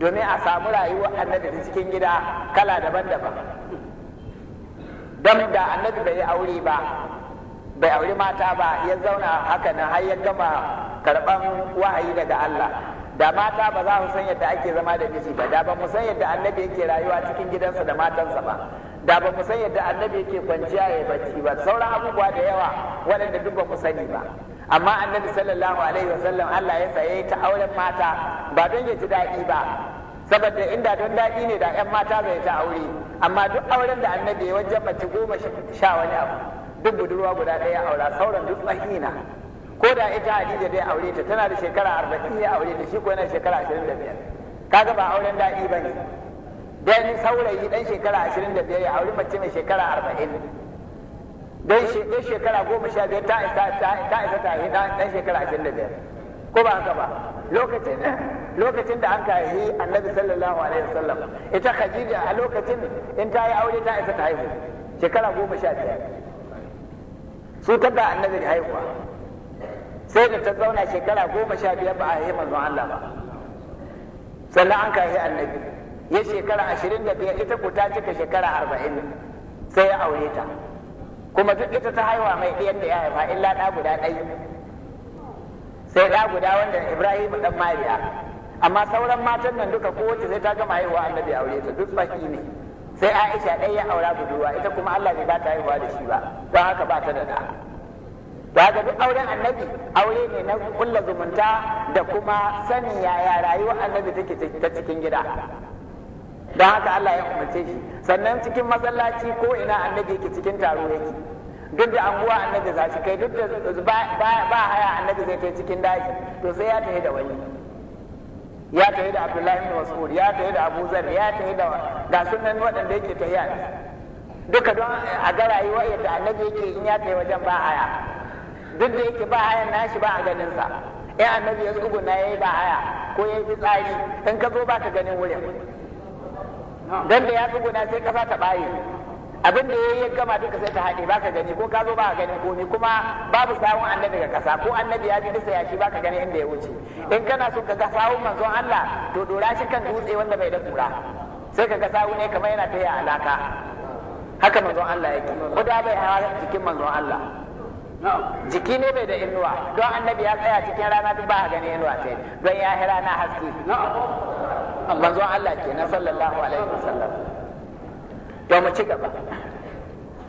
domin a samu rayuwa annabi ta cikin gida kala daban-daban don da annabi bai yi aure ba bai aure mata ba ya zauna haka nan har ya gama karɓan wahayi daga Allah da mata ba za mu san yadda ake zama da miji ba da ba mu san yadda annabi yake rayuwa cikin gidansa da matansa ba da ba mu san yadda annabi yake kwanciya ya bacci ba sauran abubuwa da yawa waɗanda duk ba mu sani ba amma annabi sallallahu alaihi wasallam Allah ya saye ta auren mata ba don ya ji daɗi ba saboda inda don daɗi ne da ƴan mata zai ta aure amma duk auren da annabi ya wajen mace goma sha wani abu duk budurwa guda ɗaya aura sauran duk tsahina ko da ita Hadiza dai aure ta tana da shekara arba'in ne aure ta shi ko yana shekara ashirin da biyar kaga ba auren daɗi ba ne dan saurayi dan shekara ashirin da biyar ya auri mace mai shekara arba'in dan shekara goma sha biyar ta isa ta isa ta yi dan shekara ashirin da biyar ko ba haka ba lokacin lokacin da an kai annabi sallallahu alaihi wasallam ita khadija a lokacin in ta yi aure ta isa ta haihu shekara goma sha biyar su tabba annabi haihuwa sai da ta zauna shekara goma sha biyar ba a yi manzon Allah ba sannan an kahi annabi ya shekara ashirin da biyar ita ko ta cika shekara arba'in sai ya aure ta kuma duk ita ta haihuwa mai ɗayan da ya haifa illa ɗa guda ɗaya sai ɗa guda wanda Ibrahim ɗan Mariya amma sauran matan nan duka kowace sai ta gama haihuwa annabi aure ta duk baki ne sai Aisha ɗaya ya aura budurwa ita kuma Allah ne ba ta haihuwa da shi ba don haka ba ta da ɗa ba ga duk auren annabi aure ne na kulla zumunta da kuma sanin yaya rayuwar annabi take ta cikin gida don haka Allah ya umarce shi sannan cikin masallaci ko ina annabi yake cikin taro yake duk da anguwa annabi za shi kai duk da ba haya annabi zai kai cikin daji to sai ya tafi da wani ya tafi da Abdullahi bin Mas'ud ya tafi da Abu Zar ya tafi da ga sunan waɗanda yake tafiya duka don a ga rayuwar yadda annabi yake in ya tafi wajen ba haya duk da yake ba hayan nashi ba a ganin sa in eh, annabi ya na yayi ba haya ko yayi fitsari in ka zo ba ganin wurin dan da ya na sai kasa ta baye abin da yayi ya gama duka sai ta haɗe baka gani ko ka zo ba ka gani komai kuma babu sawun annabi ga kasa ko annabi ya ji dusa yashi baka gani inda ya wuce in kana so ka ga sawun manzon Allah to dora shi kan dutse wanda bai da kura sai ka ga sawu ne kamar yana ta yi alaka haka manzon Allah yake da bai hawa jikin manzon Allah jiki ne bai da inuwa don annabi ya tsaya cikin rana duk ba a gani inuwa sai don ya yi rana haske manzon Allah kenan sallallahu alaihi wasallam to mu ci gaba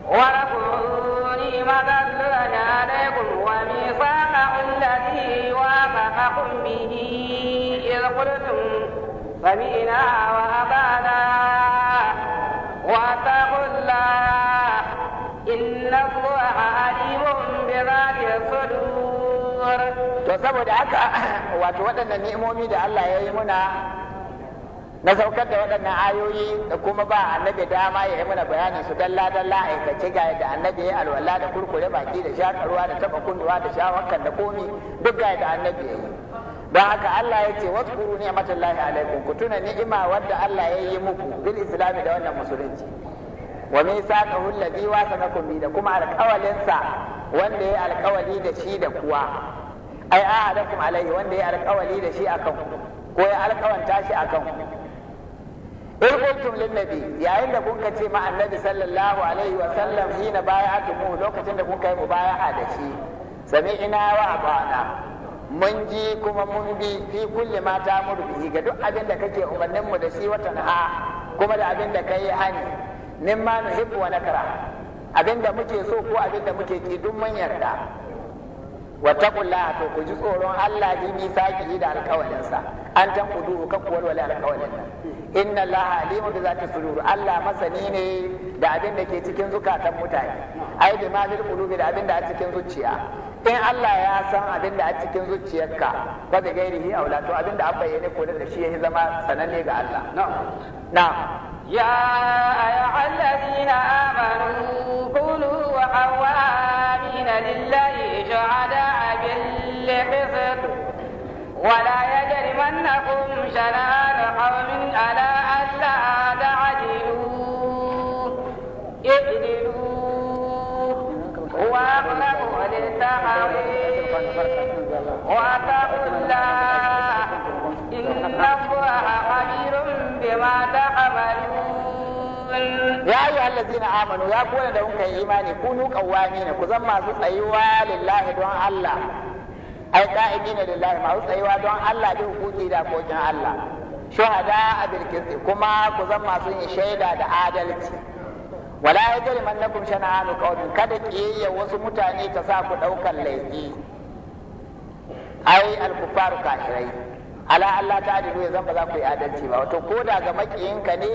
ولكم نعمة الله عليكم الذي وافقكم به إذ قلتم سمعنا وأطعنا واتقوا الله inna allaha alimun bi dhati sudur to saboda haka wato waɗannan ni'imomi da Allah ya yi muna na saukar da waɗannan ayoyi da kuma ba annabi dama ya yi mana bayani su dalla dalla aikace ga yadda annabi ya alwala da kurkure baki da shakarwa da taba kunduwa da shawakan da komi duk ga yadda annabi ya yi don haka Allah ya ce wasu kuru ne ni'matullahi alaikum ku tuna ni'ima wadda Allah ya yi muku bil islami da wannan musulunci wa min saqahu alladhi wasaqakum bi da kuma alƙawalin sa wanda ya alƙawali da shi da kuwa ai ahadakum alaihi wanda ya alƙawali da shi akan ko ya alƙawanta shi akan in kuntum lin nabi yayin da kuka ce ma annabi sallallahu alaihi wa sallam hina bay'atuhu lokacin da kuka yi mubaya'a da shi sami'na wa ata'na mun ji kuma mun bi fi kulli ma ta murbi ga duk abin da kake umarnin mu da shi watan ha kuma da abin da kai hani mimma nuhibbu wa nakra abinda muke so ko abinda muke ki duk mun yarda wattaqullaha to ku ji tsoron Allah bi saki da alƙawarinsa an tan kudu ka kuwar wala alƙawarin nan inna Allah alimu da zati sudur Allah masani ne da abin da ke cikin zukatan mutane ai bi ma bil qulubi da abin da a cikin zuciya in Allah ya san abin da a cikin zuciyarka ba da gairihi aula to abin da an ne ko da shi ya zama sananne ga Allah na'am na'am يا أيها الذين آمنوا كلوا وقوامين لله شهداء حفظ ولا يجرمنكم شنآن قوم على ألا تعدلوا اعدلوا هو أغلب للتقوي واتقوا الله ya yi allazina amanu ya kone da kuka yi imani kunu kawami ne ku zan masu tsayuwa lillahi don Allah ai ka'idi ne lillahi masu tsayuwa don Allah bi hukuki da kokin Allah shuhada a bilkisi kuma ku zan masu yin shaida da adalci wala ya jari shana hannu kawai kada kiyayya wasu mutane ta sa ku ɗaukan laifi ai alkufaru kashirai. ala Allah ta adilu ya zan ba za ku yi adalci ba wato ko da ga ka ne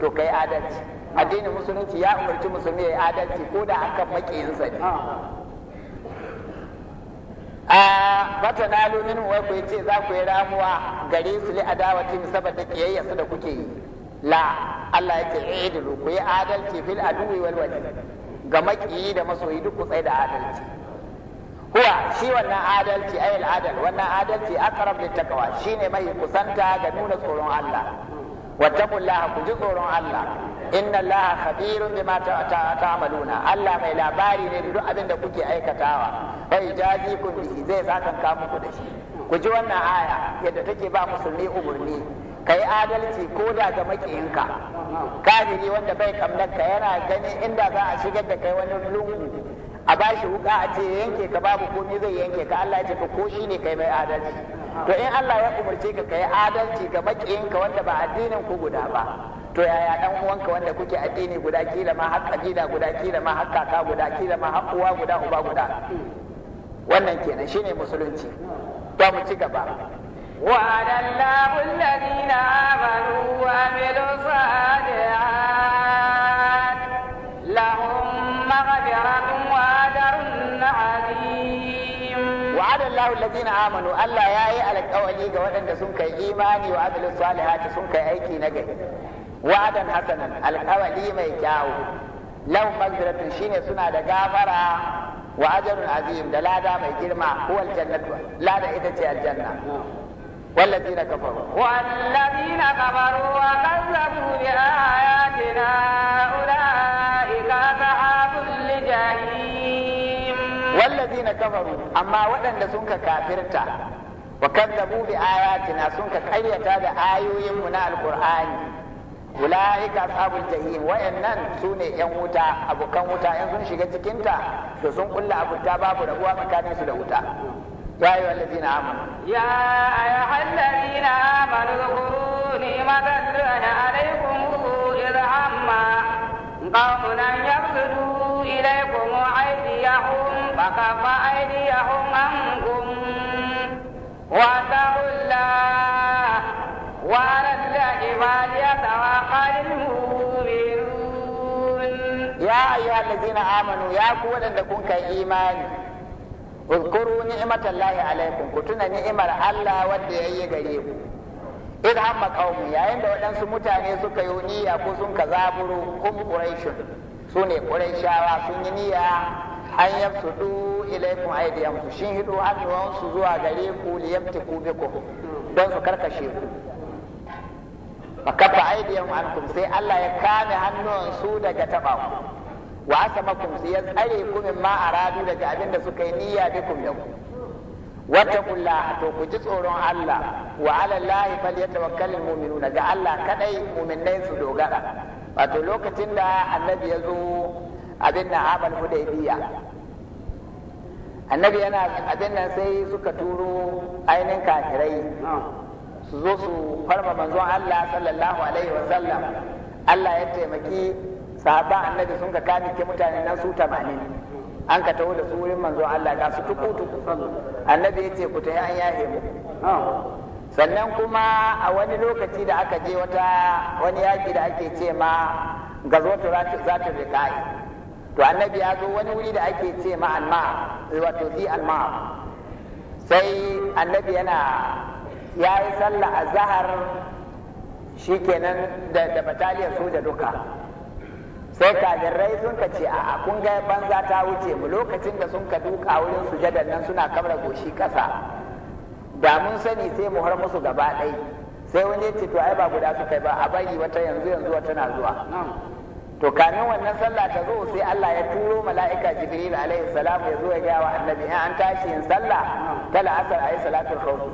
to kai adalci addinin musulunci ya umarci musulmi ya yi adalci ko da akan makiyinsa ne a bata na lumin wai ku ce za ku yi ramuwa gare su li adawati saboda kiyayya su da kuke yi la Allah yake idilu ku yi adalci fil aduwi wal wali ga makiyi da masoyi duk ku tsaya da adalci huwa shi wannan adalci ay al wannan adalci aqrab lit taqwa shine mai kusanta ga nuna tsoron Allah wattaqullaha ku ji tsoron Allah inna Allaha khabirun bima ta'maluna Allah mai labari ne da duk abin da kuke aikatawa Kai, jazi kun bi zai sakan ka muku da shi ku ji wannan aya yadda take ba musulmi umurni kai adalci ko da ga makiyinka kafiri wanda bai kamnar ka yana ganin inda za a shigar da kai wani lungu a shi wuka a ce yanke ka babu komai zai yanke ka Allah ya ce ka ko shi ne kai mai adalci to in Allah ya umarce ka kai adalci ga makiyinka wanda ba addinin ku guda ba to yaya dan uwanka wanda kuke addini guda kila ma har kabila guda kila ma har kaka guda kila ma har uwa guda uba guda wannan kenan shine musulunci ba mu ci gaba وعد الله الذين آمنوا وعملوا الصالحات wa'ada Allahu allazina amanu Allah ya yi alƙawari ga waɗanda sun kai imani wa amilu salihati sun kai aiki na gari wa'adan hasanan alƙawari mai kyawu law magfiratun shine suna da gafara wa ajrun azim da lada mai girma huwal jannatu lada ita ce aljanna والذين كفروا والذين كفروا وكذبوا بآياتنا na kafaru amma waɗanda sun ka kafirta wa kazzabu bi ayatina sun ka karyata da ayoyin mu na alqur'ani ulaika ashabul jahim wayannan sune yan wuta abokan wuta yan sun shiga cikin ta to sun kulla abuta babu rabuwa tsakanin su da wuta ya ayyuhal ladina amanu ya ayyuhal ladina amanu dhkuru ni'matan allahi alaykum idh hamma qawmun yaqdu ilaykum aydiyahum A kafa ainiha unguwannin ya sawa waɗanda kunkaya imani. Kuskuru, mi'amma ta ku tuna ni'imar Allah wanda ya yi gare ku. Ibrahim Makauw mu, yayin da waɗansu mutane suka yi huniya, kusan ka zaburo, kuma ƙuraishun, sune ƙurashawa sun yi niyyar. an ilaikun ilaikum ku shin hidu hannuwan su zuwa gare ku ku bi ku, don su karkashe ku aidiyan an ankum sai Allah ya kame hannuwan su daga taba ku wa asamakum sai ya tsare ku min ma aradu daga abinda da suka yi niyya bikum da wata kula to ku ji tsoron Allah wa ala fal yatawakkalul mu'minuna ga Allah kadai mu'minai su dogara wato lokacin da annabi ya zo abin nan amal hudaybiya annabi yana abin nan sai suka turo ainin kafirai su zo su farma manzon Allah sallallahu alaihi sallam Allah ya taimaki sahaba annabi sun ka kamike mutane nan su 80 an ka taho da su wurin manzon Allah ga su tuku tuku annabi ya ce ku tafi an yahe mu sannan kuma a wani lokaci da aka je wata wani yaki da ake ce ma gazo ta za ta riƙa'i to annabi ya zo wani wuri da ake ce ma eh, wato fi alma sai annabi yana ya yi sallah a zahar shikenan da da bataliyar soja duka sai kafirai sun ka ce a kun ga banza ta wuce mu lokacin da sun ka duka wurin sujadar nan suna kamar goshi kasa da mun sani sai mu har musu gaba ɗai sai wani ya ce to ai ba guda suka kai ba a bari wata yanzu yanzu wata na zuwa to kamin wannan sallah ta zo sai Allah ya turo mala'ika Jibril alaihi salam ya zo ya gaya wa annabi in an tashi yin sallah ta la'asar ayi salatul khawf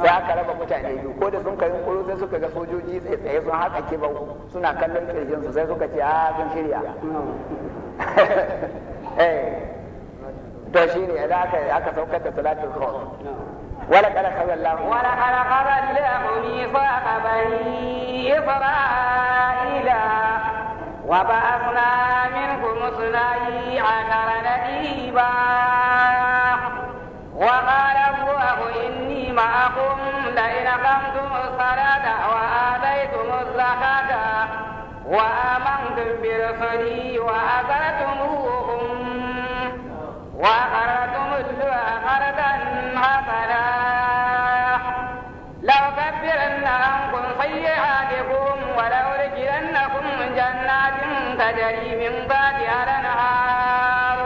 sai aka raba mutane biyu ko da sun kai kuro sai suka ga sojoji tsaye tsaye sun haka kibau suna kallon kirjin su sai suka ce a ah, sun shirya (laughs) eh to shine idan aka aka saukar da salatul khawf wala kana khaballa wala kana fa mithaq ifra ila وبعثنا منكم اثني عشر نديبا وقال الله إني معكم لئن أقمتم الصلاة وآتيتم الزكاة وآمنتم برسلي وأقرتموهم وأخرتم الله قرضا حسنا لأكبرن عنكم سيئاتكم تجري من بعدها الأنهار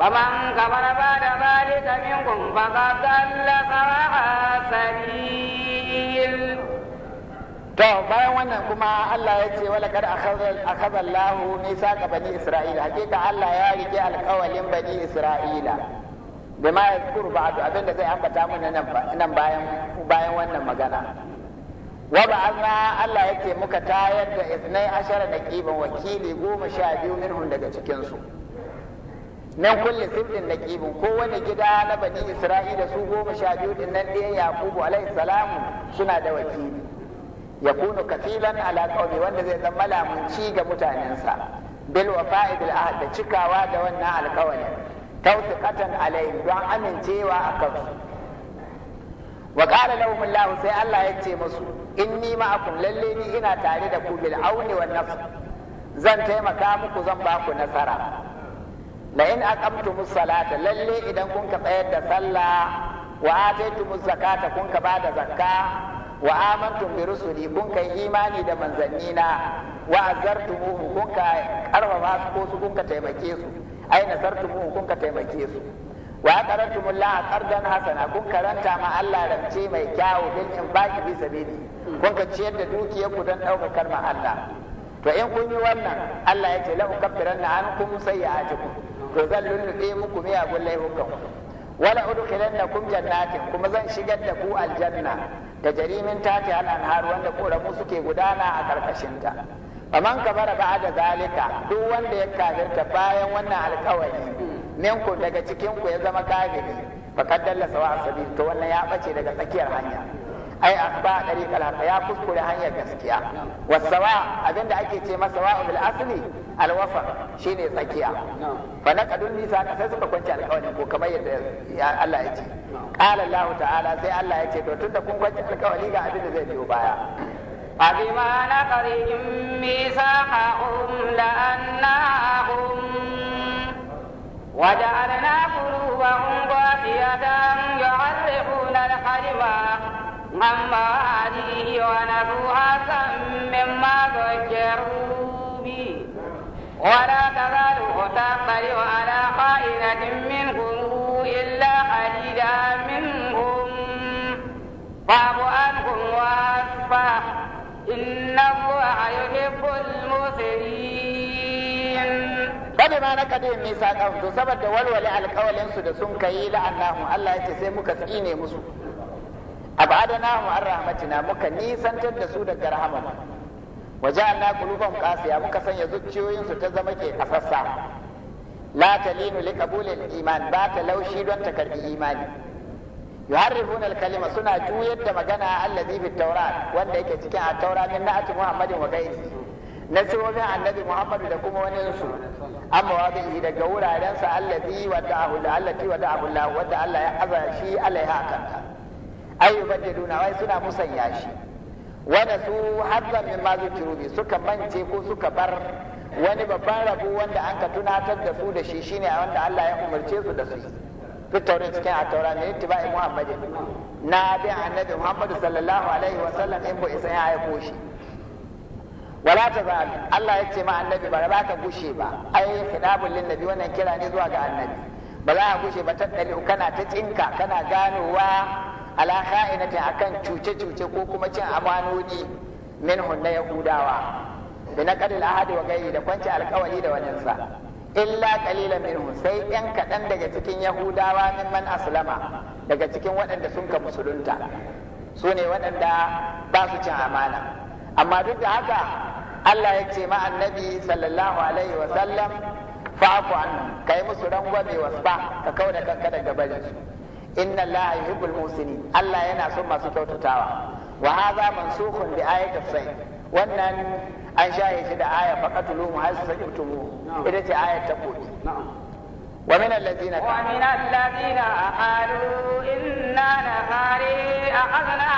ومن كفر بعد ذلك منكم فقد ضل سواء السبيل to bayan wannan kuma Allah ya ce wala kad akhadha Allahu mithaqa bani Isra'ila hakika Allah ya rike alƙawalin bani Isra'ila bima yazkuru ba'du abinda zai ambata mun nan bayan bayan wannan magana wa ba'alna Allah yake muka tayar da ithnai ashara naqiban wakili goma sha biyu minhum daga cikin su nan kulli sirrin ko kowane gida na bani isra'ila su goma sha biyu din nan ɗayan yaqubu alaihi suna da wakili kunu kafilan ala qaumi wanda zai zama lamunci ga mutanensa bil wafa'i bil ahd cikawa da wannan alƙawarin tawfiqatan alaihim don amincewa akan su wa qala lahum Allah sai Allah ya ce musu inni ma'akum lalle ni ina tare da ku bil auni wan zan taimaka muku zan ba ku nasara la in aqamtumus salata lalle idan kun ka tsayar da sallah wa ataytumuz zakata kun ka bada zakka wa amantum bi rusuli kun kai imani da manzannina wa azartumuhu kun ka karfafa su ko su kun ka taimake su ai nasartumuhu kun ka taimake su wa qarantum a kardan hasana kun karanta ma Allah rance mai kyawu bil infaqi fi sabili kun ka ciyar da dukiyar ku dan dauka kalmar Allah to in kun yi wannan Allah ya ce la ukaffiranna ankum sayyi'atikum to zan lulluɗe muku miyagun laifukan wala udkhilannakum jannatin kuma zan shigar da ku aljanna da jarimin tati al'anhar wanda koramu suke gudana a karkashinta faman kabara ba da zalika duk wanda ya kafirta bayan wannan alkawari minku daga cikin ku ya zama kafiri faqad dalla sawa sabil to wannan ya bace daga tsakiyar hanya ai asba dari haqq ya kuskure hanyar gaskiya wasawa abinda ake ce masa wa bil asli al wafa shine tsakiya fa naqadun nisa ka sai suka kwanci alƙawarin ko kamar yadda Allah ya ce qala Allah ta'ala sai Allah ya ce to tunda kun kwanci alƙawari ga abin da zai biyo baya فبما نقضهم ميثاقهم لأنهم وجعلنا قلوبهم قاسية يعرفون الحلم عن معانيه ونبوها مما ذكروا به ولا تزال تقبل على خائنة منهم إلا قليلا منهم فاعف عنهم وأصفح إن الله يحب المسلمين bade ma naka da me to saboda walwale alƙawalin su da sun kai la'annahu Allah ya ce sai muka tsine musu abadana mu an rahmatina muka nisantar da su daga rahama wa ja'alna qulubahum qasiya muka sanya zuciyoyin su ta zama ke kasassa la talinu li iman ba ta laushi don ta karbi imani yuharrifuna al-kalima suna juyar da magana allazi bit tawrat wanda yake cikin at-taurat min na'at muhammadin wa na sirrin annabi Muhammadu da kuma wani su amma wa bi daga wuraren sa allazi wa ta'ahu allati wa ta'ahu Allah wanda Allah ya azza shi alaiha akan ayu badaluna wai suna musanya shi wanda su hadda min ma bi suka mance ko suka bar wani babban rabu wanda an ka tunatar da su da shi shine wanda Allah ya umarce su da su fi taurin cikin a taura ne bai Muhammadin na bi annabi Muhammadu sallallahu alaihi wa sallam in bu isa ya aiko shi wala ta zalu Allah ya ce ma annabi ba za ka gushe ba ai khidabul lin nabi wannan kira ne zuwa ga annabi ba za ka gushe ba tattali kana ta tsinka kana ganowa ala kha'inatin akan cuce-cuce ko kuma cin amanoni minhun na yahudawa da na kadil ahadi wa gairi da kwanci alkawali da sa illa qalilan minhum sai yan kaɗan daga cikin yahudawa min man aslama daga cikin waɗanda sun ka musulunta su ne waɗanda ba su cin amana amma duk da haka Allah ya ce ma annabi sallallahu alaihi wa sallam fa'fu anhum kai musu rangwame wasba ka kawo da kanka daga barin su inna Allah yuhibbul musini Allah yana son masu kyautatawa wa hadha mansukhun bi ayati sai, wannan an shaye shi da aya faqatulu muhasabtum ita ce ayat ta kudi ومن الذين ومن الذين قالوا إنا نهاري أخذنا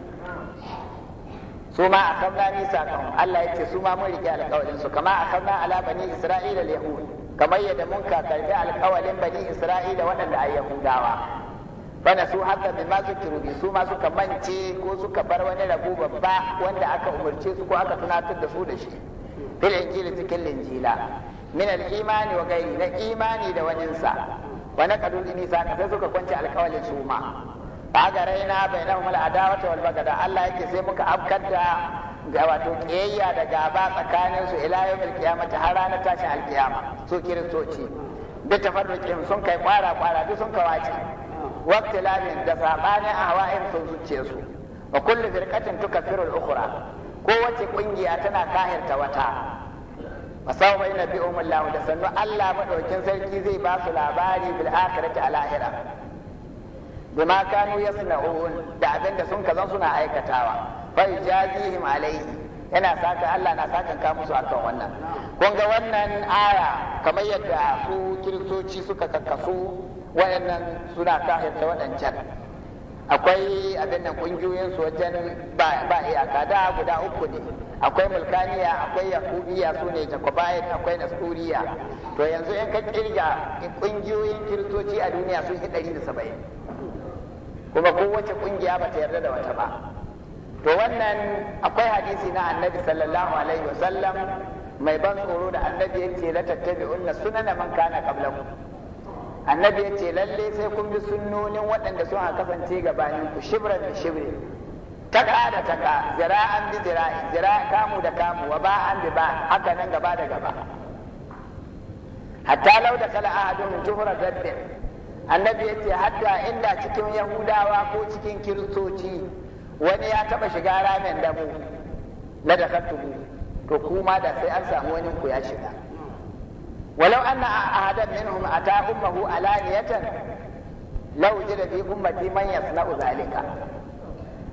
su ma a kamna ni sakon Allah ya ce su ma mun rike alƙawalin su kama a kamna ala bani isra'ila yahud kamar yadda mun kakarfi alƙawalin bani isra'ila waɗanda a yahudawa bana su haka min ma su kirubi su ma suka mance ko suka bar wani rabu babba wanda aka umarce su ko aka tunatar da su da shi bil injili cikin linjila min al imani wa gairi na imani da waninsa wa naqadul misa sai suka kwance alƙawalin su ma bagaraina bainahum al-adawata wal bagada Allah yake sai muka afkar da wato kiyayya da gaba tsakanin su ila yawmil qiyamati har ranar tashin alkiyama su kiristoci da tafarruqin sun kai kwara kwara duk sun kawace waqti labin da sabanin ahwa'in sun zuce su wa kullu firqatin tukaffiru al-ukhra kowace kungiya tana kahirta wata fasau bai nabi umullahu da sannu Allah madaukin sarki zai ba su labari bil akhirati al-akhirah bima kanu yasna'un da abin da sun kazan suna aikatawa fa yajazihim alaihi yana saka Allah na saka ka musu akan wannan kun ga wannan aya kamar yadda su kiristoci suka kakkasu wayannan suna kafirta waɗancan akwai abin nan kungiyoyin su wajen ba ba iyaka da guda uku ne akwai mulkaniya akwai yakubiya su ne jacobain akwai nasturiya to yanzu in ka kirga kungiyoyin kiristoci a duniya sun da 170 kuma kowace kungiya bata yarda da wata ba to wannan akwai hadisi na annabi sallallahu alaihi wasallam mai ban tsoro da annabi ya ce la tattabi'unna sunana man kana qablakum annabi ya ce lalle sai kun bi sunnonin waɗanda sun kasance gabanin ku shibran da shibri taka da taka zira'an bi zira'i zira kamu da kamu wa ba'an bi ba haka nan gaba da gaba hatta law da kala ahadun juhra rabbin annabi ya ce hatta inda cikin yahudawa ko cikin kiristoci wani ya taba shiga ramen damu na da kattubu to kuma da sai an samu wani ku ya shiga walau anna ahadan minhum ata ummuhu alaniyatan law jira fi ummati man yasna'u zalika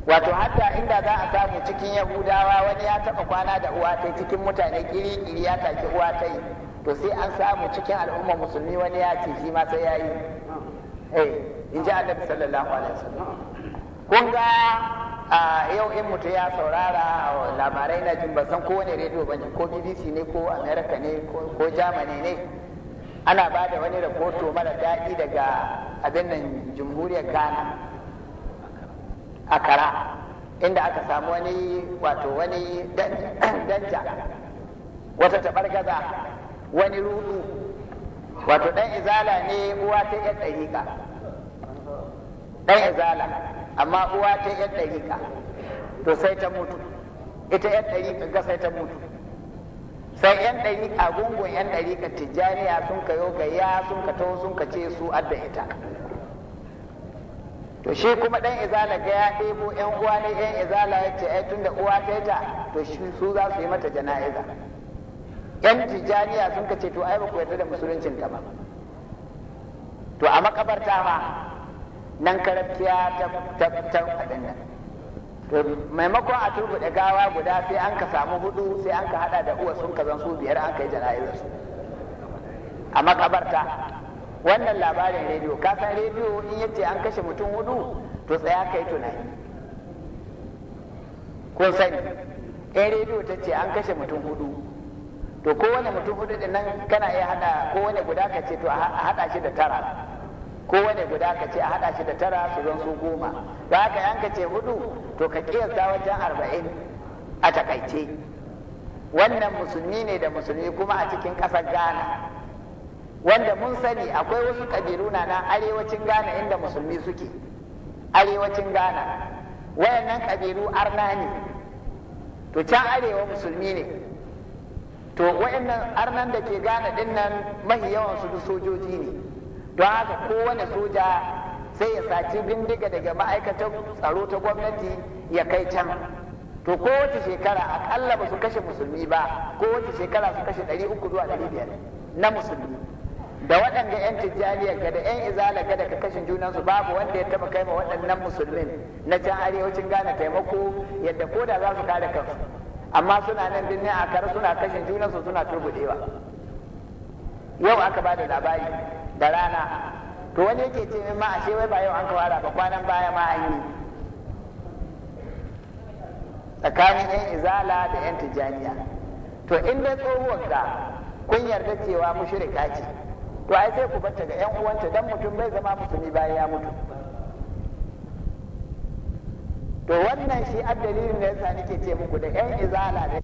wato hatta inda za a samu cikin yahudawa wani ya taba kwana da uwa tai cikin mutane kiri kiri ya taki uwa tai to sai an samu cikin al'ummar musulmi wani ya ce shi ma sai yayi eh in ji annabi sallallahu alaihi wasallam kun ga yau in mutum ya saurara labarai na jin ban ko wani rediyo bane ko BBC ne ko Amerika ne ko Germany ne ana ba da wani rahoto mara daɗi daga abin nan jamhuriyar Ghana a kara inda aka samu wani wato wani (coughs) danja wata tabargaza wani rudu wato ɗan izala ne uwa ta yan ɗariƙa ɗan izala amma uwa ta yan ɗariƙa to sai ta mutu ita yan ɗariƙa ga sai ta mutu sai yan ɗariƙa gungun yan ɗariƙa tijjaniya sun kayo ya sun ka taho sun ka ce su adda ita to shi kuma ɗan izala ga ya ɗebo yan uwa ne yan izala ya ce ai tunda uwa ta ita to shi su za su yi mata jana'iza yan tijaniya sun ka ce to ai ba ku yarda da musuluncin ta ba to a makabarta ma nan karafkiya ta ta ta to maimakon a turbuɗe gawa guda sai an ka samu hudu sai an ka hada da uwa sun ka zan su biyar an ka yi jana'izar su a makabarta wannan labarin rediyo ka san rediyo in yace an kashe mutum hudu to tsaya kai tunani ko sani in rediyo ta ce an kashe mutum hudu to kowane mutum hudu din nan kana iya hada kowane guda ka ce to a hada shi da tara kowane guda ka ce a hada shi da tara su zan su goma da haka yan ka ce hudu to ka kiyasta wajen arba'in a takaice wannan musulmi ne da musulmi kuma a cikin ƙasar ghana wanda mun sani akwai wasu ƙabilu na na arewacin ghana inda musulmi suke arewacin ghana wayannan ƙabilu arna ne to can arewa musulmi ne to wa'annan arnan da ke gane din nan mahi yawan su sojoji ne don haka kowane soja sai ya saci bindiga daga ma'aikatan tsaro ta gwamnati ya kai can to kowace shekara akalla ba su kashe musulmi ba kowace shekara su kashe 300 zuwa 500 na musulmi da waɗanda 'yan tijjaniya ga da 'yan izala ga da ka kashin junansu babu wanda ya taba kai ma waɗannan musulmin na can arewacin gane taimako yadda ko da za su kare kansu amma suna nan a kare suna kashin su suna turbudewa yau aka ba da labari da rana to wani yake ce min ma ashe wai ba yau an kawara ba kwanan baya ma an yi tsakanin yan izala da yan tijaniya to in dai tsohuwar ka kun yarda cewa mushrika ce to ai sai ku batta ga yan uwanta dan mutum bai zama musulmi bayan ya mutu to wannan shi addalilin da yasa nake ce muku da yan izala da